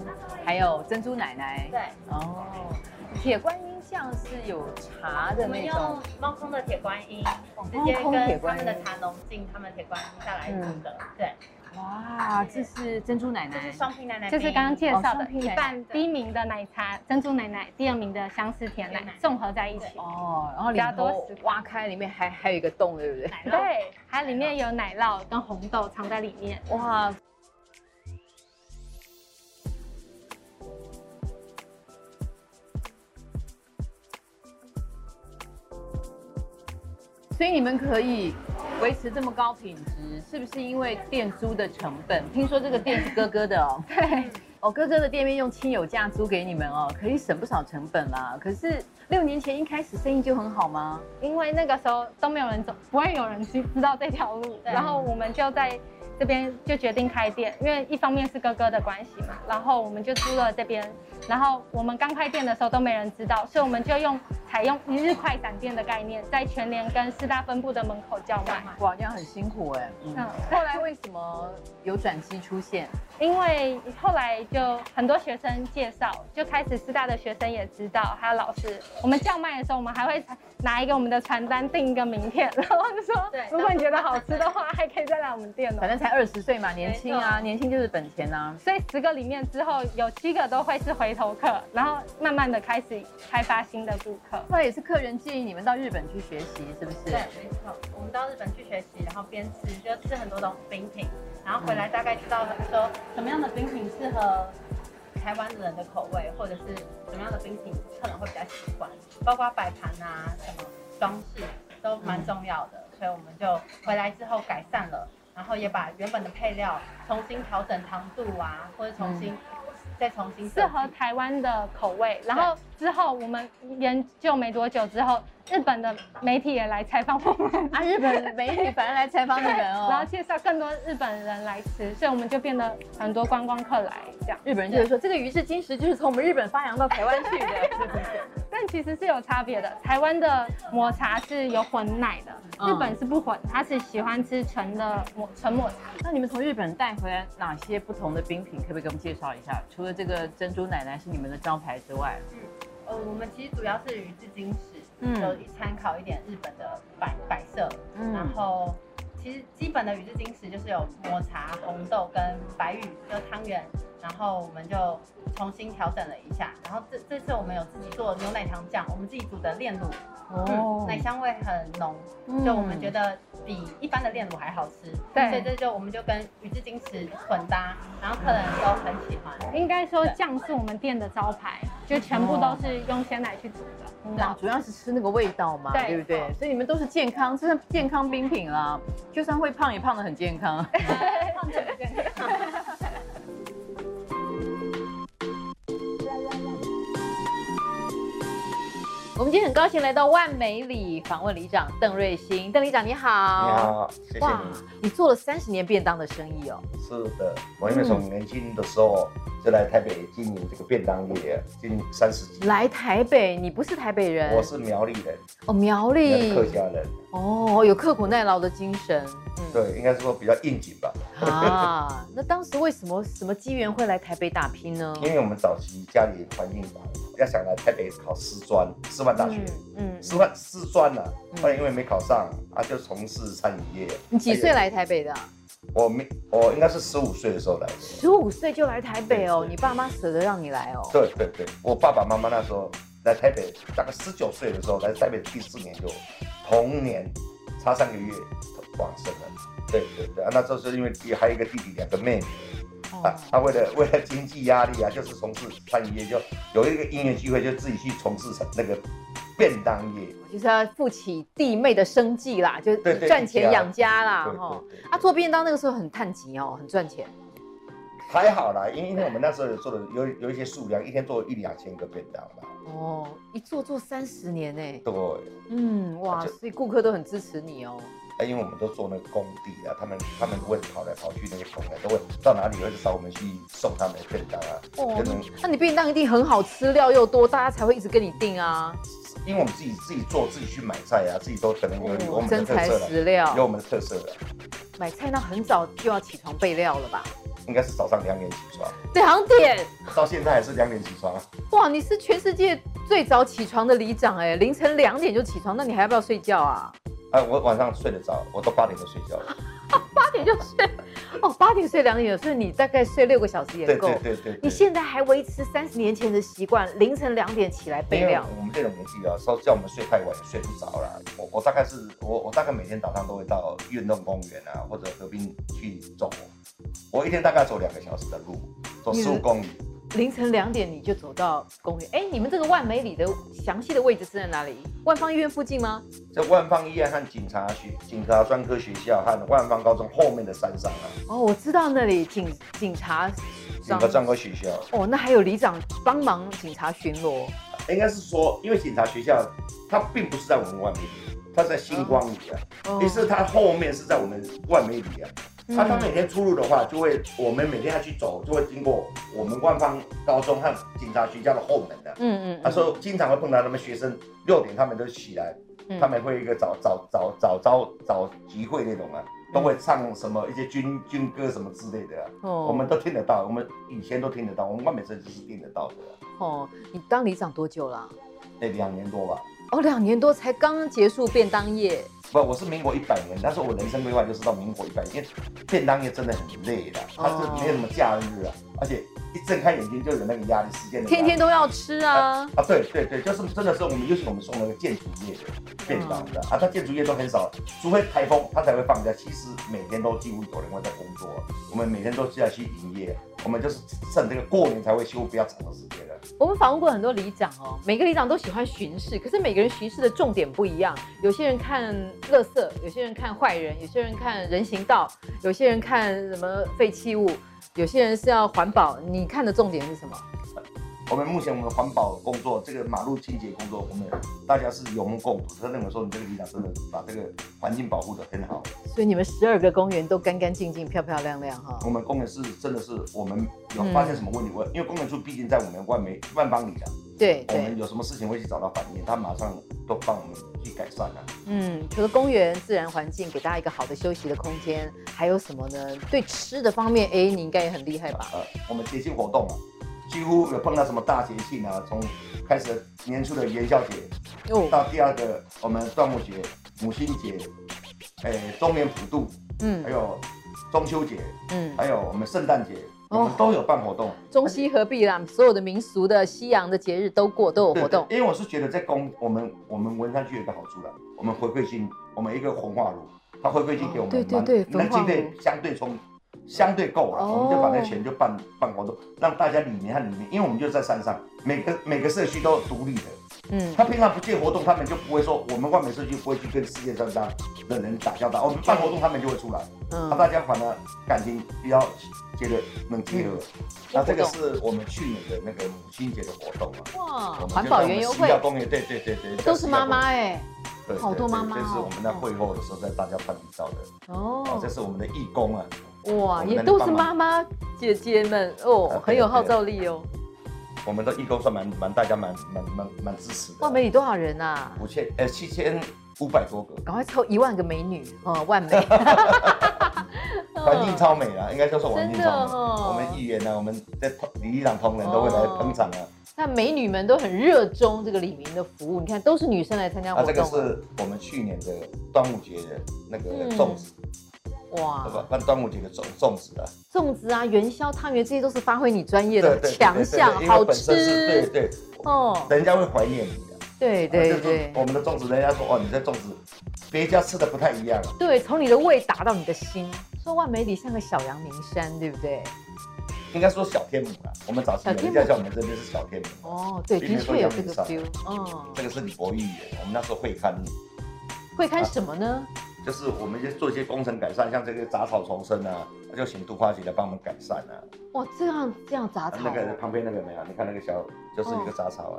還有珍珠奶奶。對，哦，鐵觀音像是有茶的那種。我們用貓空的鐵觀音，鐵觀音直接跟他們的茶農進，他們鐵觀音下來沖的。嗯、對。哇，這是珍珠奶奶，這是雙皮奶奶，這是剛剛介紹的一半第一名的奶茶，珍珠奶奶第二名的相思甜奶，綜合在一起哦。然後裡頭挖開，裡面還還有一個洞，對不對？對，它裡面有奶酪跟紅豆藏在裡面。哇，所以你們可以。維持這麼高品質，是不是因為店租的成本？聽說這個店是哥哥的哦。 對，哦，哥哥的店面用親友價租給你們哦，可以省不少成本啦。可是六年前一開始生意就很好嗎？因為那個時候都沒有人走，不會有人知知道這條路。嗯、然後我們就在。這邊就決定開店，因為一方面是哥哥的關係嘛，然後我們就租了這邊，然後我們剛開店的時候都沒人知道，所以我們就用採用一日快閃店的概念，在全聯跟師大分部的門口叫賣。哇，這樣很辛苦哎、欸。嗯。嗯後來為什麼有轉機出現？因為後來就很多學生介紹，就開始師大的學生也知道，還有老師。我們叫賣的時候，我們還會拿一個我們的傳單，訂一個名片，然後就說，對如果你覺得好吃的話，嗯、還可以再來我們店哦。二十歲嘛，年輕啊，沒錯。年輕就是本錢啊。所以十個裡面之後有七個都會是回頭客，然後慢慢的開始開發新的顧客。後來也是客人建議你們到日本去學習，是不是？對，沒錯。我們到日本去學習，然後邊吃就吃很多種冰品，然後回來大概知道、嗯、說什麼樣的冰品適合台灣人的口味，或者是什麼樣的冰品客人會比較喜歡，包括擺盤啊什麼裝飾都蠻重要的，嗯、所以我們就回來之後改善了。然後也把原本的配料重新調整糖度啊，或者重新再重新適合台灣的口味。對然後之後我們研究沒多久之後，日本的媒體也來採訪我們啊，日本，日本媒體反而來，來採訪的人哦，然後介紹更多日本人來吃，所以我們就變得很多觀光客來這樣。日本人就是說對這個宇治金時，就是從我們日本發揚到台灣去的，不是、哎？ 但其實是有差別的，台灣的抹茶是有混奶的，嗯、日本是不混，它是喜歡吃純的抹純抹茶。那你們從日本帶回來哪些不同的冰品？可不可以給我們介紹一下？除了這個珍珠奶奶是你們的招牌之外，嗯呃、我們其實主要是宇治金時。嗯，有參考一點日本的擺擺設，嗯、然後其實基本的宇治金時就是有抹茶、紅豆跟白玉就湯圓。然後我們就重新調整了一下，然後這這次我們有自己做牛奶糖醬，我們自己煮的煉乳，哦、嗯，奶香味很濃，嗯、就我們覺得比一般的煉乳還好吃，對，所以這就我們就跟宇治金時混搭，然後客人都很喜歡。應該說醬是我們店的招牌，就全部都是用鮮奶去煮的，哦、那、啊、主要是吃那個味道嘛，對，對不對？哦、所以你們都是健康，這是健康冰品啦，就算會胖也胖得很健康，嗯、胖得很健康。 我們今天很高興來到萬美里訪問里長鄧瑞興，鄧里長你好。你好，謝謝你。你做了三十年便當的生意哦。是的，我因為從年輕的時候、嗯、就來台北經營這個便當業，近三十。來台北，你不是台北人？我是苗栗人。哦，苗栗客家人。哦，有刻苦耐勞的精神。嗯、對，應該說比較應景吧。 啊，那當時為什麼什麼機緣會來台北打拼呢？因為我們早期家裡環境要想來台北考師專師範大學，嗯，師範師專呢，後來、啊嗯、因為沒考上，啊就從事餐飲業。你幾歲來台北的、啊？我沒，我應該是十五歲的時候來的。十五歲就來台北哦，你爸媽捨得讓你來哦？對對對，我爸爸媽媽那時候來台北，大概十九歲的時候來台北，第四年就同年差三個月，往生了。對對對，那這是因為還有一個弟弟，兩個妹妹。他、哦啊啊、為了為了經濟壓力啊，就是從事餐飲業，就有一個因緣機會，就自己去從事那個便當業，其實他負起弟妹的生計啦，就賺錢養家啦，哦、啊，他做便當那個時候很趁急哦，很賺錢。還好啦，因為我們那時候有做的有有一些數量，一天做一兩千個便當吧。哦，一做做三十年呢、欸？對，嗯，哇，所以顧客都很支持你哦、喔。哎，因為我們都做那個工地啊，他們他們都會跑來跑去，那個工人都會到哪裡會找我們去送他們的便當啊。哦。種那你便當一定很好吃，料又多，大家才會一直跟你訂啊。因為我們自己自己做，自己去買菜啊，自己都可能有我們的特色料有我們的特色的特色。買菜那很早就要起床備料了吧？應該是早上兩點起床。兩點？到現在還是兩點起床？哇，你是全世界最早起床的里長哎、欸！凌晨兩點就起床，那你還要不要睡覺啊？啊、我晚上睡得着，我都八點就睡覺了， 八點就睡，是， 哦，八點睡兩點，所以你大概睡六個小時也夠，對對對，對，對，對，你現在還維持三十年前的習慣，凌晨兩點起來背亮。我們這種年紀啊，說叫我們睡太晚也睡不着了。我我大概是我我大概每天早上都會到運動公園啊，或者河邊去走，我一天大概走兩個小時的路，走十五公里。凌晨兩點你就走到公園？哎、欸，你們這個萬美里的詳細的位置是在哪裡？萬芳醫院附近嗎？在萬芳醫院和警察學、警察專科學校和萬芳高中後面的山上啊。哦，我知道那裡警警察，上警專科學校。哦，那還有里長幫忙警察巡邏？應該是說，因為警察學校它並不是在我們萬美里，它在星光里啊。於、哦、是它後面是在我們萬美里啊。他他每天出入的話，就會我們每天要去走，就會經過我們萬芳高中和警察學校的後門的。嗯嗯，嗯嗯他說經常會碰到他們學生六點他們都起來，嗯、他們會一個早早早早早早集會那種啊，都會唱什麼一些軍、嗯、軍歌什麼之類的、啊。哦，我們都聽得到，我們以前都聽得到，我們萬美社區是聽得到的、啊。哦，你當里長多久了、啊？那兩年多吧。哦，兩年多才剛剛結束便當業。不，我是民國一百年，但是我人生規劃就是到民國一百年。因為便當業真的很累的，哦、它是沒有什麼假日啊，而且。一睜開眼睛就有那個壓力，時間天天都要吃啊啊！對對對，就是真的是我們，尤其我們送那個建築業便當的、電廠的啊，它建築業都很少，除非台風它才會放假。其實每天都幾乎有人會在工作，我們每天都需要去營業，我們就是趁這個過年才會休比較長的時間的。我們訪問過很多里長哦，每個里長都喜歡巡視，可是每個人巡視的重點不一樣。有些人看垃圾，有些人看壞人，有些人看人行道，有些人看什麼廢棄物。有些人是要環保，你看的重點是什麼？我們目前我們的環保工作，這個馬路清潔工作，我們大家是有目共睹。所以，我們認為說你這個里長真的把這個環境保護得很好。所以你們十二個公園都乾乾淨淨、漂漂亮亮哈、哦。我們公園是真的是我們有發現什麼問題，嗯、因為公園處畢竟在我們外面萬邦里的。對，對我們有什麼事情，會去找他反映，他馬上都幫我們去改善了、啊。嗯，除了公園自然環境，給大家一個好的休息的空間，還有什麼呢？對吃的方面，哎，你應該也很厲害吧？呃，我們節慶活動、啊。幾乎有碰到什麼大節慶啊，從開始年初的元宵節，哦、到第二個我們端午節、母親節，哎、欸，中元普渡，嗯，還有中秋節，嗯，還有我們聖誕節，哦、我們都有辦活動。中西合璧啦，且所有的民俗的、西洋的節日都過，都有活動。對對對因為我是覺得在公我們我們文山區有個好處了，我們回饋金，我們一個焚化爐，它回饋金給我們嘛、哦，對對對，焚相對充裕。相對夠了，我們就把那錢就辦辦活動，讓大家里面和里面，因為我們就在山上，每個每個社區都有獨立的。嗯，他平常不辦活動，他們就不會說我們外面社區不會去跟世界上的人打交道。我們辦活動，他們就會出來。嗯，那大家反而感情比較接得能結合。那這個是我們去年的那個母親節的活動啊。哇，環保園優惠，對對對對。都是媽媽哎，好多媽媽。這是我們在會後的時候在大家拍照的。哦，這是我們的義工啊。哇，也都是媽媽姐姐們哦，很有號召力哦。我們的義工算蠻蠻，大家蠻蠻蠻蠻支持。哇，美女多少人啊？五千，呃，七千五百多個。趕快抽一萬個美女哦，萬美。環境超美啊，應該就是萬美的。我們議員呢，我們在里長同仁都會來捧場啊。那美女們都很熱衷這個里民的服務，你看都是女生來參加活動。這個是我們去年的端午節的那個粽子。哇，不，端午節的粽粽子啊，粽子啊，元宵、湯圓這些都是發揮你專業的強項，好吃。對對，哦，人家會懷念你的。對，對對對，啊就是、我們的粽子，人家說哦，你這粽子，別家吃的不太一樣、啊。對，從你的胃打到你的心。說萬美里像個小陽明山，對不對？應該說小天母啊，我們早期的，比家像我們這邊是小天母、啊。天母哦，對，且的確有這個 feel、啊。嗯、哦，這個是李博玉耶、啊，我們那時候會看。會看什麼呢？啊就是我們就做一些工程改善，像這個雜草叢生啊，就請杜花姐來幫我們改善啊。哇，這樣這樣雜草、啊啊、那個旁邊那個沒有？你看那個小，就是一個雜草啊。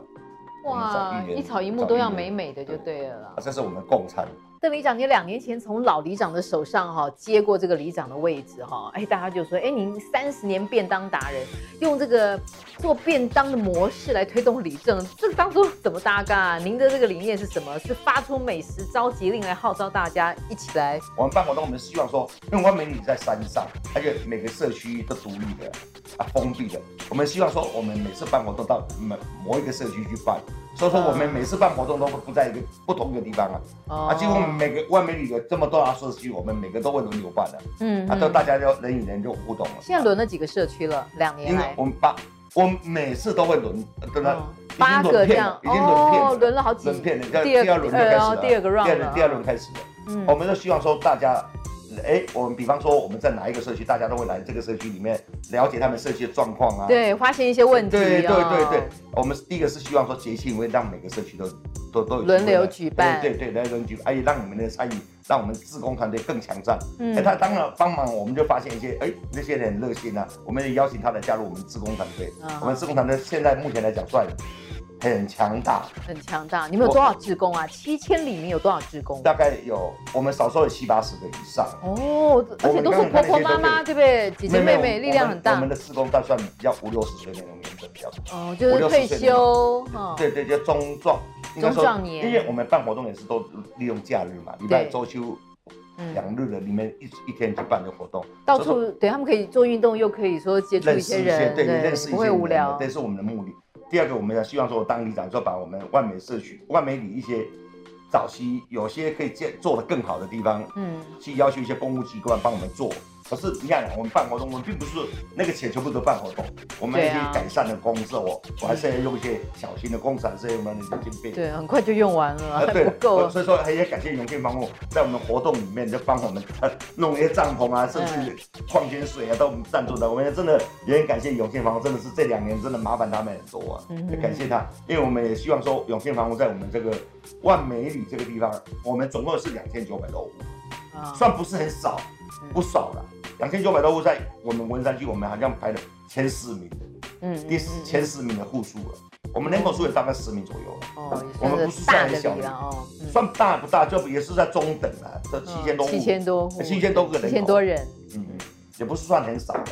哦、哇，一草一木一都要美美的就對了啦。啊、這是我們共餐。鄧里長，你兩年前從老里長的手上哈接過這個里長的位置哈，哎，大家就說，哎，您三十年便當達人，用這個做便當的模式來推動里政，這當中怎麼搭噶、啊？您的這個理念是什麼？是發出美食召集令來號召大家一起來？我們辦活動，我們希望說，因為萬美里在山上，而且每個社區都獨立的，啊，封閉的，我們希望說，我們每次辦活動到每某一個社區去辦。所以說我們每次辦活動都不在一個不同的地方啊，啊，幾乎每個外面有這麼多的社區，我們每個都會輪流辦的，嗯，啊，都大家就人與人就互動了。現在輪了幾個社區了？兩年來，因為我們八，我們每次都會輪，跟他八個這樣，已經輪遍，哦，輪了好幾輪遍了，第二輪就開始了，第二輪第二輪開始了，嗯，我們就希望說大家。哎、欸，我們比方說我們在哪一個社區，大家都會來這個社區裡面了解他們社區的狀況啊。對，發現一些問題、哦。對對對對，我們第一個是希望說節慶會讓每個社區都都都有輪流舉辦。對對，來輪流舉辦，讓你們的參與，讓我們志工團隊更強壯。嗯、欸，他當然幫忙，我們就發現一些，哎、欸，那些人很熱心啊，我們也邀請他們加入我們志工團隊。嗯，哦、我們志工團隊現在目前來講算。很強大，很強大。你們有多少志工啊？七千裡面有多少志工？大概有，我們少說有七八十個以上。哦，而且都是婆婆媽媽，對不對？姐姐妹妹，力量很大。我們的志工大算要五六十歲那種年齡比較多。哦，就是退休，對對，就中壯中壯年。因為我們辦活動也是都利用假日嘛，禮拜周休兩日的，你們一一天就辦個活動。到處對他們可以做運動，又可以說接觸一些人，對，你認識一些，不會無聊，這是我們的目的。第二個，我們要希望說，當里長說，把我們萬美社區、萬美里一些早期有些可以建做得更好的地方，嗯，去要求一些公務機關幫我們做。不是，你看，我們辦活動，我們並不是那個錢全部都辦活動，我們還可以改善的工作哦，啊、我還是在用一些小型的工廠，所以我們已經變。對很快就用完了，啊、對還不夠，所以說還也感謝永信房屋在我們活動裡面就幫我們弄一些帳篷啊，甚至礦泉水啊都贊助的，我們真的也很感謝永信房屋，真的是這兩年真的麻煩他們很多啊，要、嗯、哼感謝他，因為我們也希望說永信房屋在我們這個萬美裡這個地方，我們總共是兩千九百多戶，啊、算不是很少，不少了。嗯兩千九百多戶在我們文山區，我們好像排了前四名，嗯，第四，前四名的戶數了。我們人口數也大概十名左右了。哦，我們不是算很小的哦，算大不大就也是在中等了，這七千多戶，七千多多個人，七千多人，嗯嗯，也不是算很少的。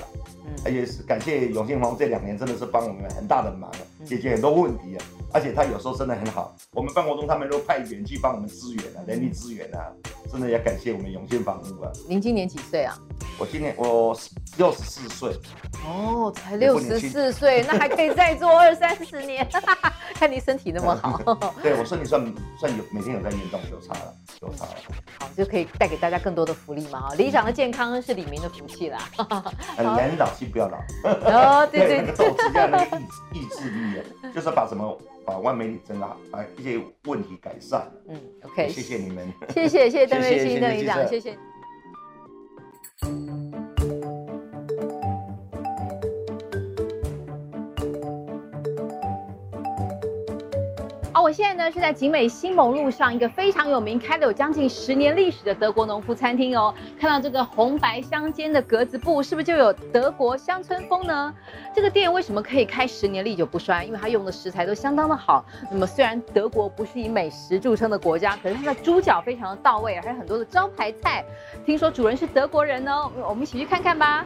嗯，也是感謝永慶房這兩年真的是幫我們很大的忙，解決很多問題啊。而且他有時候真的很好，我們辦活動他們都派員去幫我們支援啊，人力資源啊，真的也感謝我們永慶房屋啊。您今年幾歲啊？我今年我六十四歲。哦，才六十四歲，那還可以再做二 三十年， 看你身體那麼好。 對我身體算算，算有每天有在運動，有差了。嗯、好，就可以帶給大家更多的福利嘛！哈，里長的健康是里民的福氣啦。很難事長不要老。哦，呵呵對對對,對，實際上那意、個、意志力啊， 就是把什麼把完美臉整好，把一些問題改善。嗯，OK，嗯謝謝你們，謝謝謝謝鄧瑞興鄧里長，謝謝。謝謝我現在呢是在景美新蒙路上一個非常有名、開了有將近十年歷史的德國農夫餐廳哦。看到這個紅白相間的格子布，是不是就有德國鄉村風呢？這個店為什麼可以開十年歷久不衰？因為它用的食材都相當的好。那麼雖然德國不是以美食著稱的國家，可是它的豬腳非常的到位，還有很多的招牌菜。聽說主人是德國人哦，我們一起去看看吧。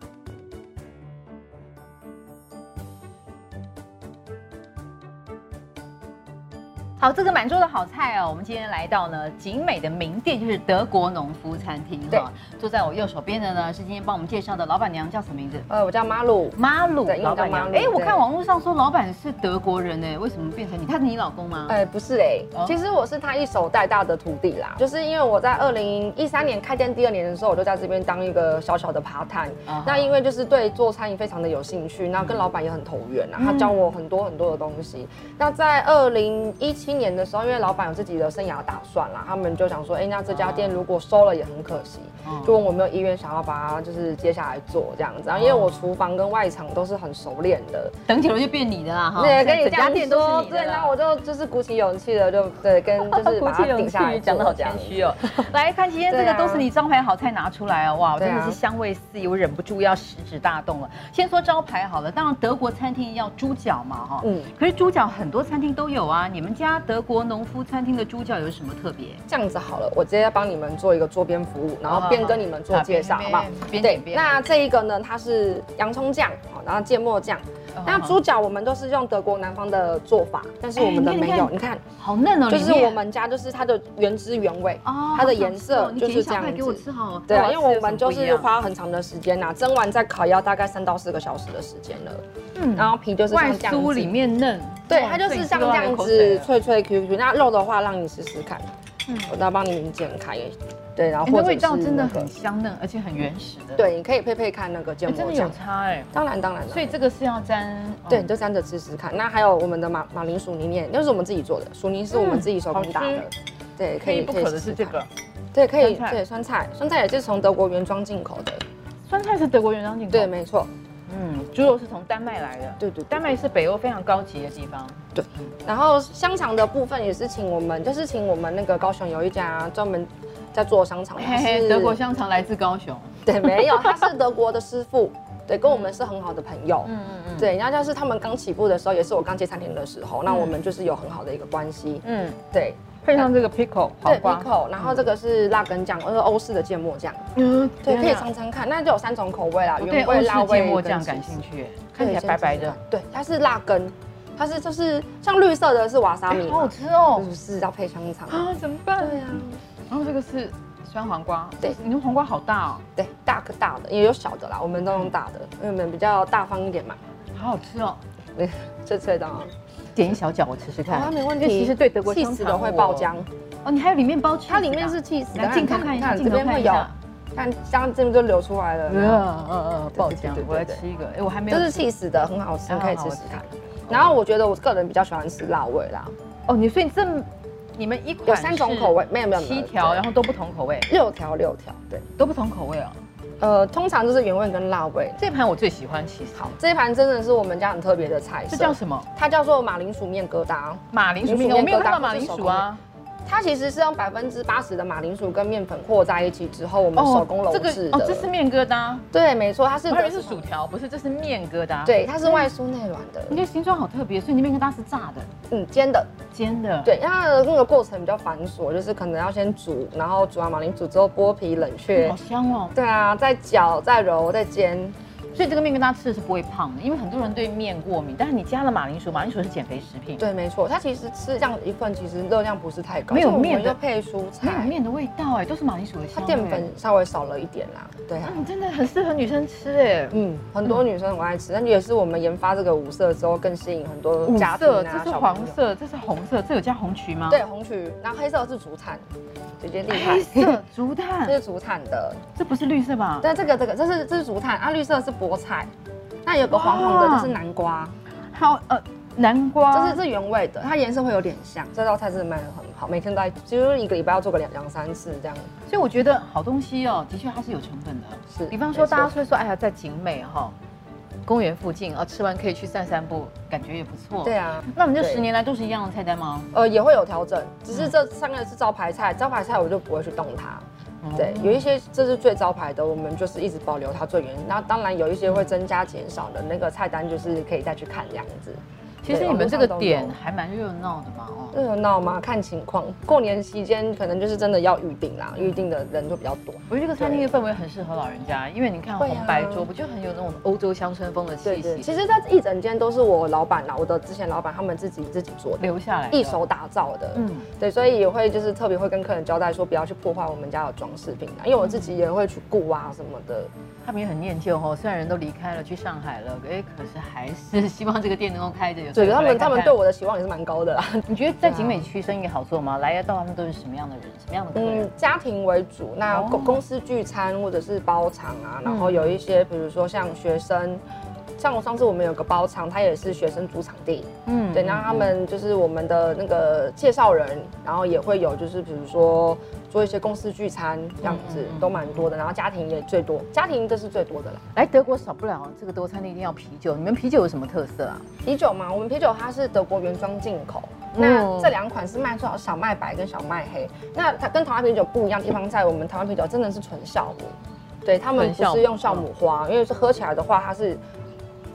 好，這個滿桌的好菜哦，我們今天來到呢景美的名店，就是德國農夫餐廳哈對、哦。坐在我右手邊的呢是今天幫我們介紹的老闆娘，叫什麼名字？呃，我叫馬魯魯，馬魯老闆娘。哎、欸，對我看網絡上說老闆是德國人哎，為什麼變成你？他是你老公嗎？哎、呃，不是哎、欸，哦、其實我是他一手帶大的徒弟啦。就是因為我在二零一三年開店第二年的時候，我就在這邊當一個小小的 part time e、啊、哈那因為就是對做餐飲非常的有興趣，那跟老闆也很投緣啊，嗯、他教我很多很多的東西。嗯、那在二零一七。今年的時候，因為老板有自己的生涯打算啦，他們就想說，哎、欸，那這家店如果收了也很可惜，就問、嗯、我沒有意願想要把它，就是接下來做這樣子。然後因為我廚房跟外場都是很熟練的，等久了就變你的啦，對，是跟你，家店都你的點不多，對。那我就就是鼓起勇氣的，就對，跟就是把它頂下來。講得好謙虛哦。 來看今天這個，都是你招牌好菜拿出來啊、哦，哇，我真的是香味四溢，我忍不住要食指大動了。先說招牌好了，當然德國餐廳要豬腳嘛，哈、哦，嗯，可是豬腳很多餐廳都有啊，你們家。德國農夫餐廳的豬腳有什麼特別？這樣子好了，我直接幫你們做一個桌邊服務，然後邊跟你們做介紹，好，好，好，好不好？對，那這一個呢，它是洋蔥醬，然後芥末醬。那豬腳我們都是用德國南方的做法，但是我們的沒有，你看，好嫩哦，就是我們家就是它的原汁原味哦，它的顏色就是這樣子，給我吃好了，對，因為我們就是花很長的時間吶，蒸完再烤要大概三到四個小時的時間了，嗯，然後皮就是像這樣子，外酥裡面嫩，對，它就是像這樣子脆脆 Q Q，, Q 那肉的話讓你試試看，嗯，我來幫你剪開。對，然後味道真的很香嫩，而且很原始的。對，你可以配配看那個芥末醬，真的有差欸！當然當然了。所以這個是要沾？對，就沾着吃吃看。那還有我們的馬馬鈴薯泥麵，那是我們自己做的，薯泥是我們自己手工打的。對，可以可能是這個。對，可以對酸菜，酸菜也是從德國原裝進口的。酸菜是德國原裝進口。對，沒錯。嗯，豬肉是從丹麥來的。對對，丹麥是北歐非常高級的地方。對。然後香腸的部分也是請我們，就是請我們那個高雄有一家專門。在做香腸，德國香腸來自高雄。對，沒有，他是德國的師傅，對，跟我們是很好的朋友。嗯嗯嗯。對，然後就是他們剛起步的時候，也是我剛接餐廳的時候，那我們就是有很好的一個關係。嗯，對。配上這個 pickle，對 pickle，然後這個是辣根醬，這是歐式的芥末醬。嗯，對，可以嚐嚐看。那就有三種口味啦，原味、辣味。芥末醬感興趣？看起來白白的。對，它是辣根，它是就是像綠色的，是瓦薩米。好好吃哦。就是要配香腸啊？怎麼辦？對呀。然後這個是酸黃瓜，對，你的黃瓜好大哦，對，大個大的，也有小的啦，我們都用大的，因為我們比較大方一點嘛。好好吃哦，脆脆的，點一小角我吃吃看。好，沒問題，其實對德國香腸，起司的會爆漿。哦，你還有裡面包，它裡面是起司的，來近看看看，這邊會有，看剛這邊就流出來了，嗯嗯嗯，爆漿，我來吃一個，哎，我還沒，這是起司的，很好吃，可以吃吃看。然後我覺得我個人比較喜歡吃辣味啦，哦，你所以這。你們一款有三種口味，沒有沒有七條，對然後都不同口味，六條六條，對，都不同口味啊。呃，通常就是原味跟辣味。這盤我最喜歡，其實好，這盤真的是我們家很特別的菜色，這叫什麼？它叫做馬鈴薯面疙瘩，馬鈴薯面疙瘩，我沒有看到馬鈴薯啊。它其實是用百分之八十的馬鈴薯跟麵粉和在一起之後，我們手工揉製的。哦，這個哦，這是麵疙瘩。對，沒錯，它是特別是薯條，不是，這是麵疙瘩。對，它是外酥內軟的。那、嗯、形狀好特別，所以你麵疙瘩是炸的？嗯，煎的，煎的。對，因為它的那個過程比較繁瑣，就是可能要先煮，然後煮完馬鈴薯之後剝皮冷卻。嗯、好香哦。對啊，再攪、再揉、再煎。所以這個麵跟大家吃的是不會胖的，因為很多人對麵過敏。但是你加了馬鈴薯，馬鈴薯是減肥食品。對，沒錯，它其實吃這樣一份，其實熱量不是太高。沒有麵的配蔬菜，沒有麵的味道哎，都是馬鈴薯的。它澱粉稍微少了一點啦，對啊。你真的很適合女生吃哎，嗯，很多女生很愛吃。那也是我們研發這個五色之後更吸引很多。五色，這是黃色，這是紅色，這有加紅曲嗎？對，紅曲。然後黑色是竹炭，直接厲害。黑色竹炭，這是竹炭的。這不是綠色吧？對，這個這個這是這是竹炭啊，綠色是不。菠菜，那有個黃黃的，就哇是南瓜。好，呃，南瓜，這是這原味的，它顏色會有點像。這道菜真的賣的很好，每天都就一個禮拜要做個兩兩三次這樣。所以我覺得、嗯、好東西哦，的確它是有成本的、哦。是，比方說大家會說，哎呀，在景美哈、哦、公園附近，呃，吃完可以去散散步，感覺也不錯。對啊，那我們這十年來都是一樣的菜單嗎？呃，也會有調整，只是這三個是招牌菜，招牌菜我就不會去動它。對，有一些這是最招牌的，我們就是一直保留它最原。那當然有一些會增加減少的，那個菜單就是可以再去看這樣子。其實你們這個店還蠻熱鬧的嘛哦，哦，熱鬧嗎？看情況，過年期間可能就是真的要預訂啦，預訂的人就比較多。我覺得這個餐廳的氛圍很適合老人家，對因為你看紅白桌不就很有那種歐洲鄉村風的氣息？其實它一整間都是我老板啦，我的之前老板他們自己自己做的，留下來一手打造的，嗯，對，所以也會就是特別會跟客人交代說不要去破壞我們家的裝飾品啊，因為我自己也會去顧啊什麼的，嗯、他們也很念舊哦，雖然人都離開了去上海了，哎，可是還是希望這個店能夠開着。對他們，看看他們對我的期望也是蠻高的啦。你覺得在景美區生意好做嗎？來的到他們都是什麼樣的人？什麼樣的人？嗯，家庭為主，那公公司聚餐或者是包場啊，嗯、然後有一些，嗯、比如說像學生，像我上次我們有個包場，他也是學生租場地，嗯，對，然後、嗯、他們就是我們的那個介紹人，然後也會有就是比如說。做一些公司聚餐這樣子嗯嗯嗯都蠻多的，然後家庭也最多，家庭這是最多的了。來德國少不了這個多餐廳一定要啤酒，你們啤酒有什麼特色啊？啤酒嘛，我們啤酒它是德國原裝進口，嗯、那這兩款是賣出小麥白跟小麥黑。那它跟台灣啤酒不一樣的地方在，我們台灣啤酒真的是純酵母，對他們不是用酵母花，因為是喝起來的話它是。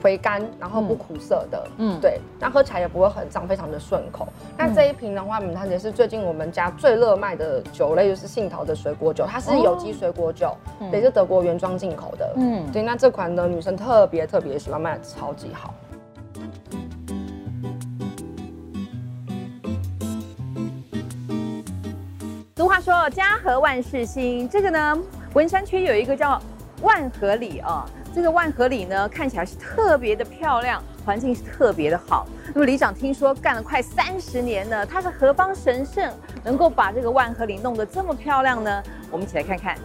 回甘，然後不苦澀的，嗯，嗯對，那喝起來也不會很髒，非常的順口。嗯、那這一瓶的話，米塔姐是最近我們家最熱賣的酒類，就是杏桃的水果酒，它是有機水果酒，也、哦嗯、是德國原裝進口的，嗯，對。那這款呢女生特別特別喜歡賣，賣的超級好。俗話說家和萬事興，這個呢，文山區有一個叫萬和里哦這個萬和里呢，看起來是特別的漂亮，環境是特別的好。那麼里長聽說幹了快三十年呢，他是何方神聖，能夠把這個萬和里弄得這麼漂亮呢？我們一起來看看。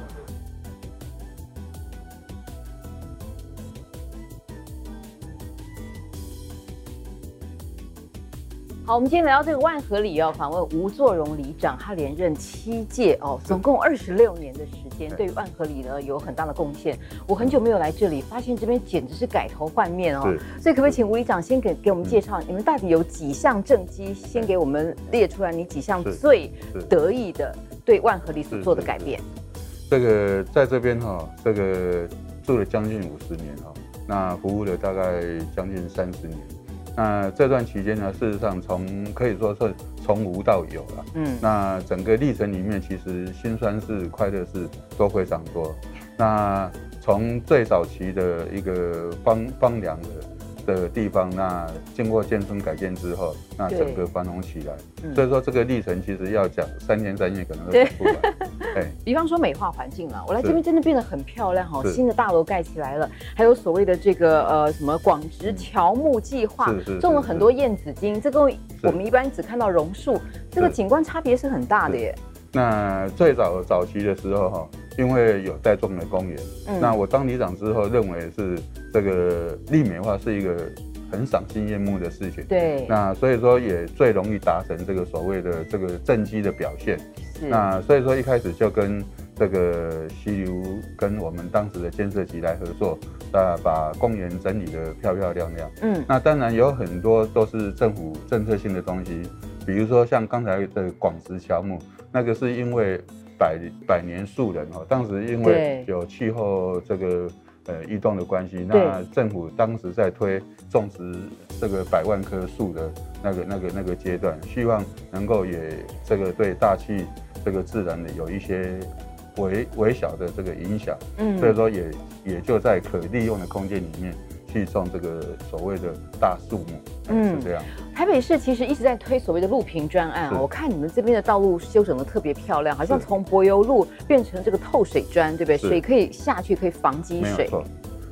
好，我們今天來到這個萬和里要訪問吳祚榮里長，他連任七屆哦，總共二十六年的時間，是對於萬和里呢有很大的貢獻。我很久沒有來這裡，發現這邊簡直是改頭換面哦。是所以可不可以請吳里長先給給我們介紹，嗯、你們到底有幾項政績先給我們列出來，你幾項最得意的對萬和里所做的改變？這個在這邊哈、哦，這個住了將近五十年哈、哦，那服務了大概將近三十年。那這段期間呢，事實上從可以說是從無到有了，嗯，那整個歷程裡面其實辛酸事、快樂事都非常多。那從最早期的一個方方涼的。的地方，那經過眷村改建之後，那整個繁榮起來。嗯、所以說，這個歷程其實要講三天三夜，可能都講不完。對， 比方說美化環境嘛，我來這邊真的變得很漂亮哈、哦。是新的大樓蓋起來了，還有所謂的這個呃什麼廣植喬木計劃，種、嗯、了很多艷紫荊。這跟我們一般只看到榕樹，是這個景觀差別是很大的耶。那最早早期的時候，哈，因為有在種的公園。嗯。那我當理長之後，認為是這個綠美化，是一個很賞心悅目的事情。對。那所以說，也最容易達成這個所謂的這個政績的表現。是。那所以說，一開始就跟這個溪流跟我們當時的建設局來合作，啊，把公園整理得漂漂亮亮。嗯。那當然有很多都是政府政策性的東西。比如說像剛才的廣植喬木，那個是因為百百年樹人哈，當時因為有氣候這個呃異動的關係，那政府當時在推種植這個百萬棵樹的那個那個那個階、那個、段，希望能夠也這個對大氣這個自然的有一些微微小的這個影響，嗯，所以說也也就在可利用的空間裡面。去種這個所謂的大樹木，嗯，是這樣。台北市其實一直在推所謂的路平專案啊，是我看你們這邊的道路修整得特別漂亮，好像從柏油路變成這個透水磚，對不對？水是可以下去，可以防積水。沒錯，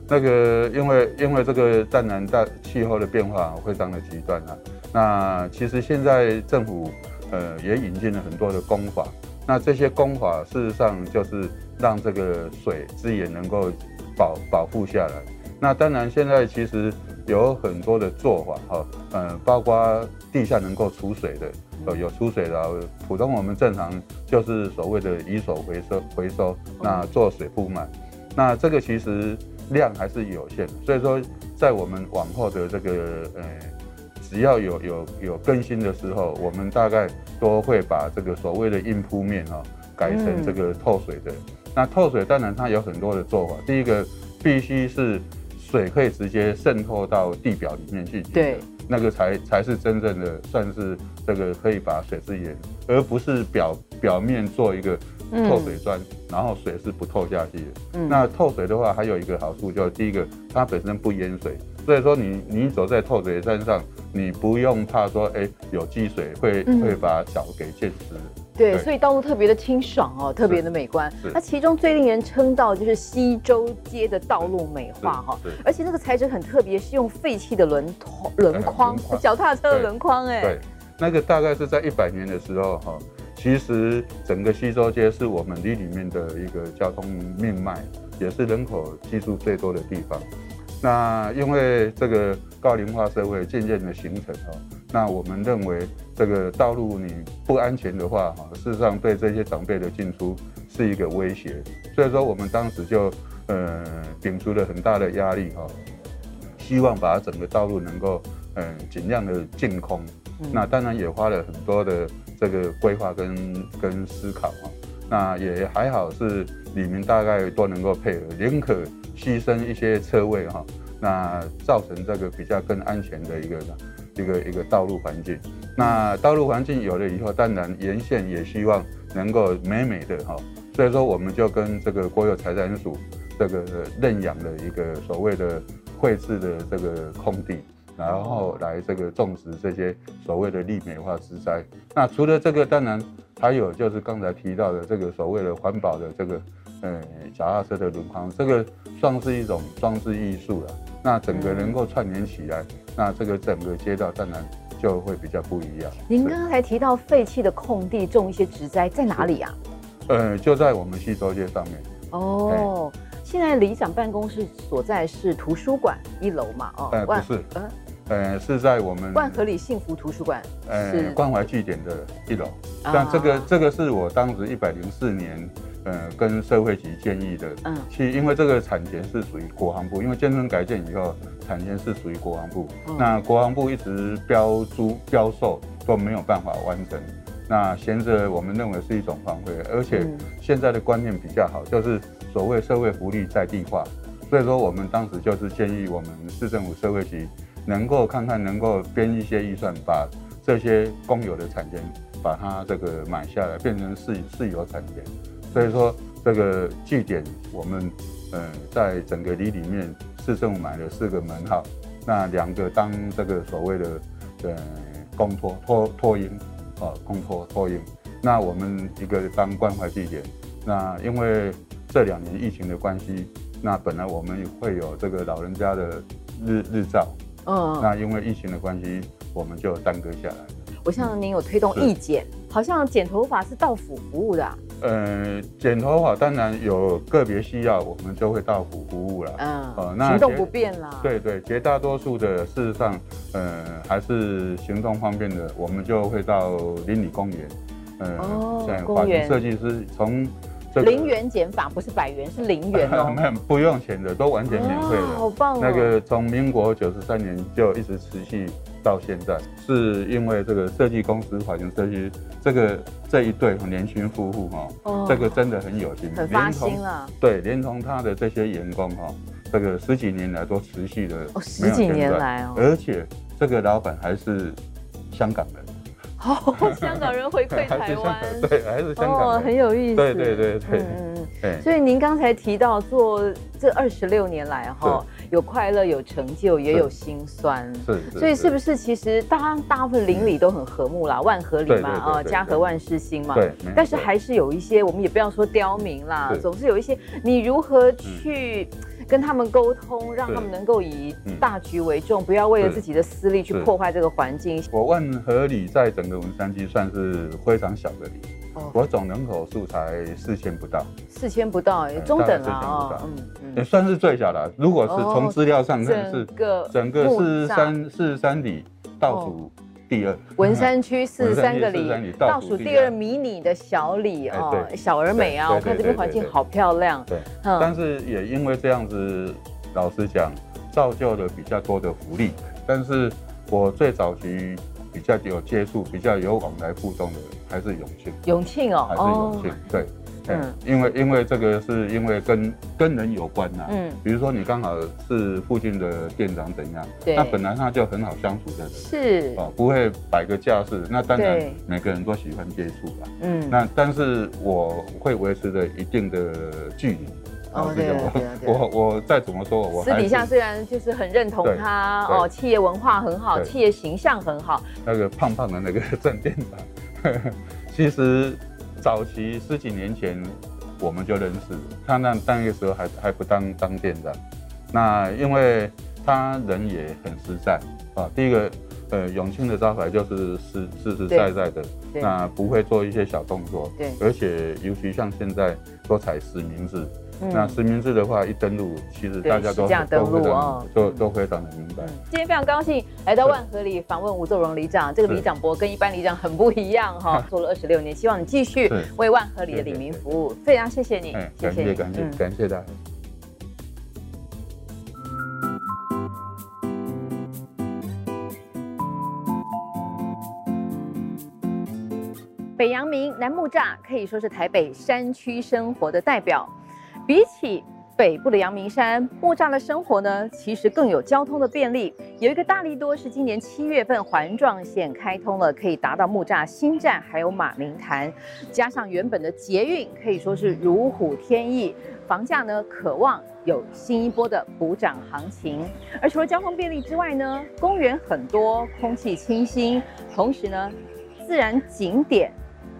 那個因為因為這個湛南大氣候的變化非常的極端啊。那其實現在政府呃也引進了很多的工法，那這些工法事實上就是讓這個水資源能夠保保護下來。那當然，現在其實有很多的做法哈，嗯，包括地下能夠儲水的，有有儲水的、啊，普通我們正常就是所謂的雨水回收回收，那做水鋪面，那這個其實量還是有限，所以說在我們往後的這個呃，只要有有有更新的時候，我們大概都會把這個所謂的硬鋪面哈、哦、改成這個透水的。那透水當然它有很多的做法，第一個必須是。水可以直接滲透到地表裡面去，對，那個才才是真正的算是這個可以把水滲也，而不是表表面做一個透水磚，嗯、然後水是不透下去的。嗯、那透水的話，還有一個好處就是，第一個它本身不淹水，所以說你你走在透水磚上，你不用怕說哎、欸、有積水會會把腳給濺濕。嗯嗯對，所以道路特別的清爽哦，特別的美觀。它其中最令人稱道就是溪洲街的道路美化哈、哦，而且那個材質很特別，是用廢棄的輪輪框、腳踏車的輪框哎、欸。對，那個大概是在一百年的時候哈、哦，其實整個溪洲街是我們里裡面的一個交通命脈，也是人口基數最多的地方。那因為這個高齡化社會漸漸的形成哈、哦，那我們認為這個道路你不安全的話哈、哦，事實上對這些長輩的進出是一個威脅，所以說我們當時就呃頂出了很大的壓力哈、哦，希望把整個道路能夠嗯盡量的淨空，嗯、那當然也花了很多的這個規劃跟跟思考哈、哦，那也還好是里面大概都能夠配合，認可。犧牲一些車位哈，那造成這個比較更安全的一個一個一個道路環境。那道路環境有了以後，當然沿線也希望能夠美美的哈。所以說，我們就跟這個國有財產署這個認養了一個所謂的繪製的這個空地，然後來這個種植這些所謂的綠美化植栽。那除了這個，當然還有就是剛才提到的這個所謂的環保的這個。嗯，腳踏車的輪框，這個算是一種裝置藝術了。那整個能夠串聯起來，嗯、那這個整個街道當然就會比較不一樣。您剛才提到廢棄的空地種一些植栽，在哪裡啊？呃，就在我們西周街上面。哦，欸、現在里長辦公室所在是圖書館一樓嘛？哦，呃、不是，呃，呃，是在我們萬和里幸福圖書館，是、呃、關懷據點的一樓。那、啊、這個，這個是我當時一百零四年。呃、跟社會局建議的，去、嗯，其因為這個產權是屬於國防部，因為建築改建以後，產權是屬於國防部。嗯、那國防部一直標租標售都沒有辦法完成，那閒着，我們認為是一種荒廢。而且現在的觀念比較好，嗯、就是所謂社會福利在地化，所以說我們當時就是建議我們市政府社會局能夠看看，能夠編一些預算，把這些公有的產權把它這個買下來，變成市市有產權。所以說，這個據點，我們呃，在整個里裡面，市政府買了四個門號，那兩個當這個所謂的呃公托托托嬰，呃，公托托嬰，那我們一個當關懷據點。那因為這兩年疫情的關係，那本來我們也會有這個老人家的日日照，嗯，那因為疫情的關係，我們就耽擱下來。我向您有推動意見，是好像剪頭髮是到府服務的、啊。嗯、呃，剪頭髮當然有個別需要，我們就會到府服務了。嗯、呃、那行動不便了。對對，絕大多數的事實上，嗯、呃，還是行動方便的，我們就會到鄰里公園。嗯、呃、哦，公園。設計師從零元剪髮，不是百元，是零元 不用錢的，都完全免費的、哦。好棒、哦、那個從民國九十三年就一直持續。到現在是因為這個設計公司環境設計，這個這一對很年輕夫婦哈、哦，哦、這個真的很有心，哦、很發心了連對連同他的這些員工哈、哦，這個十幾年來都持續的，哦、十幾年來哦，而且這個老板還是香港人，哦，香港人回饋台灣，對，還是香港人、哦，很有意思，對對對對，嗯嗯，對所以您剛才提到做這二十六年來哈。對哦有快樂，有成就，也有心酸。是 所以是不是其實大大部分鄰里都很和睦啦？萬和里嘛，啊，家和萬事興嘛。對。但是還是有一些，我們也不要說刁民啦，總是有一些。你如何去跟他們溝通，讓他們能夠以大局為重，不要為了自己的私利去破壞這個環境？我萬和里在整個文山區算是非常小的里，我總人口數才四千不到，四千不到，中等啦啊，也算是最小的。如果是從資料上，這是個整個是四十三，四十三里倒數第二。文山區四十三個里倒數第二，迷你的小里哦，小而美啊。我看這邊環境好漂亮。對，但是也因為這樣子，老實講，造就了比較多的福利。但是我最早期。比較有接觸、比較有往來互動的人，還是永慶。永慶哦，還是永慶。哦、對，嗯，因為因為這個是因為跟跟人有關吶、啊。嗯，比如說你剛好是附近的店長怎樣？對、嗯，那本來他就很好相處的。是對、哦。不會擺個架勢。那當然對，每個人都喜歡接觸吧、啊、嗯，那但是我會維持着一定的距離。哦，對，我我再怎麼說，我私底下雖然就是很認同他哦，企業文化很好，企業形象很好。那個胖胖的那個正店長，其實早期十幾年前我們就認識他，那當那個時候還還不當當店長，那因為他人也很實在啊。第一個，呃，永慶的招牌就是實實實在在的，那不會做一些小動作，對，而且尤其像現在說採實名制。那實名制的話，一登錄，其實大家都都都非常的明白。今天非常高興來到萬和裡訪問吳是 祚榮里長，這個里長伯跟一般里長很不一樣哈、哦，做了二十六年，希望你繼續為萬和裡的里民服務，非常謝謝你、嗯，謝謝，感謝，感謝大家。北陽明南木柵可以說是台北山區生活的代表。比起北部的陽明山，木柵的生活呢，其實更有交通的便利。有一個大利多是今年七月份環狀線開通了，可以達到木柵新站，還有馬明潭，加上原本的捷運，可以說是如虎添翼。房價呢，渴望有新一波的補漲行情。而除了交通便利之外呢，公園很多，空氣清新，同時呢，自然景點、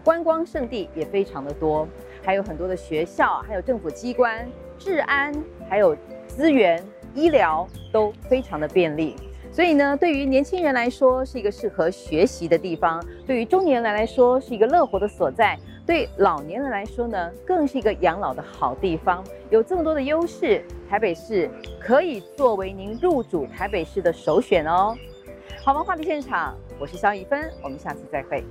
觀光勝地也非常的多。還有很多的學校，還有政府機關、治安，還有資源、醫療都非常的便利。所以呢，對於年輕人來說是一個適合學習的地方；對於中年人來說是一個樂活的所在；對老年人來說呢，更是一個養老的好地方。有這麼多的優勢，台北市可以作為您入主台北市的首選哦。好房話題現場，我是肖一芬，我們下次再會。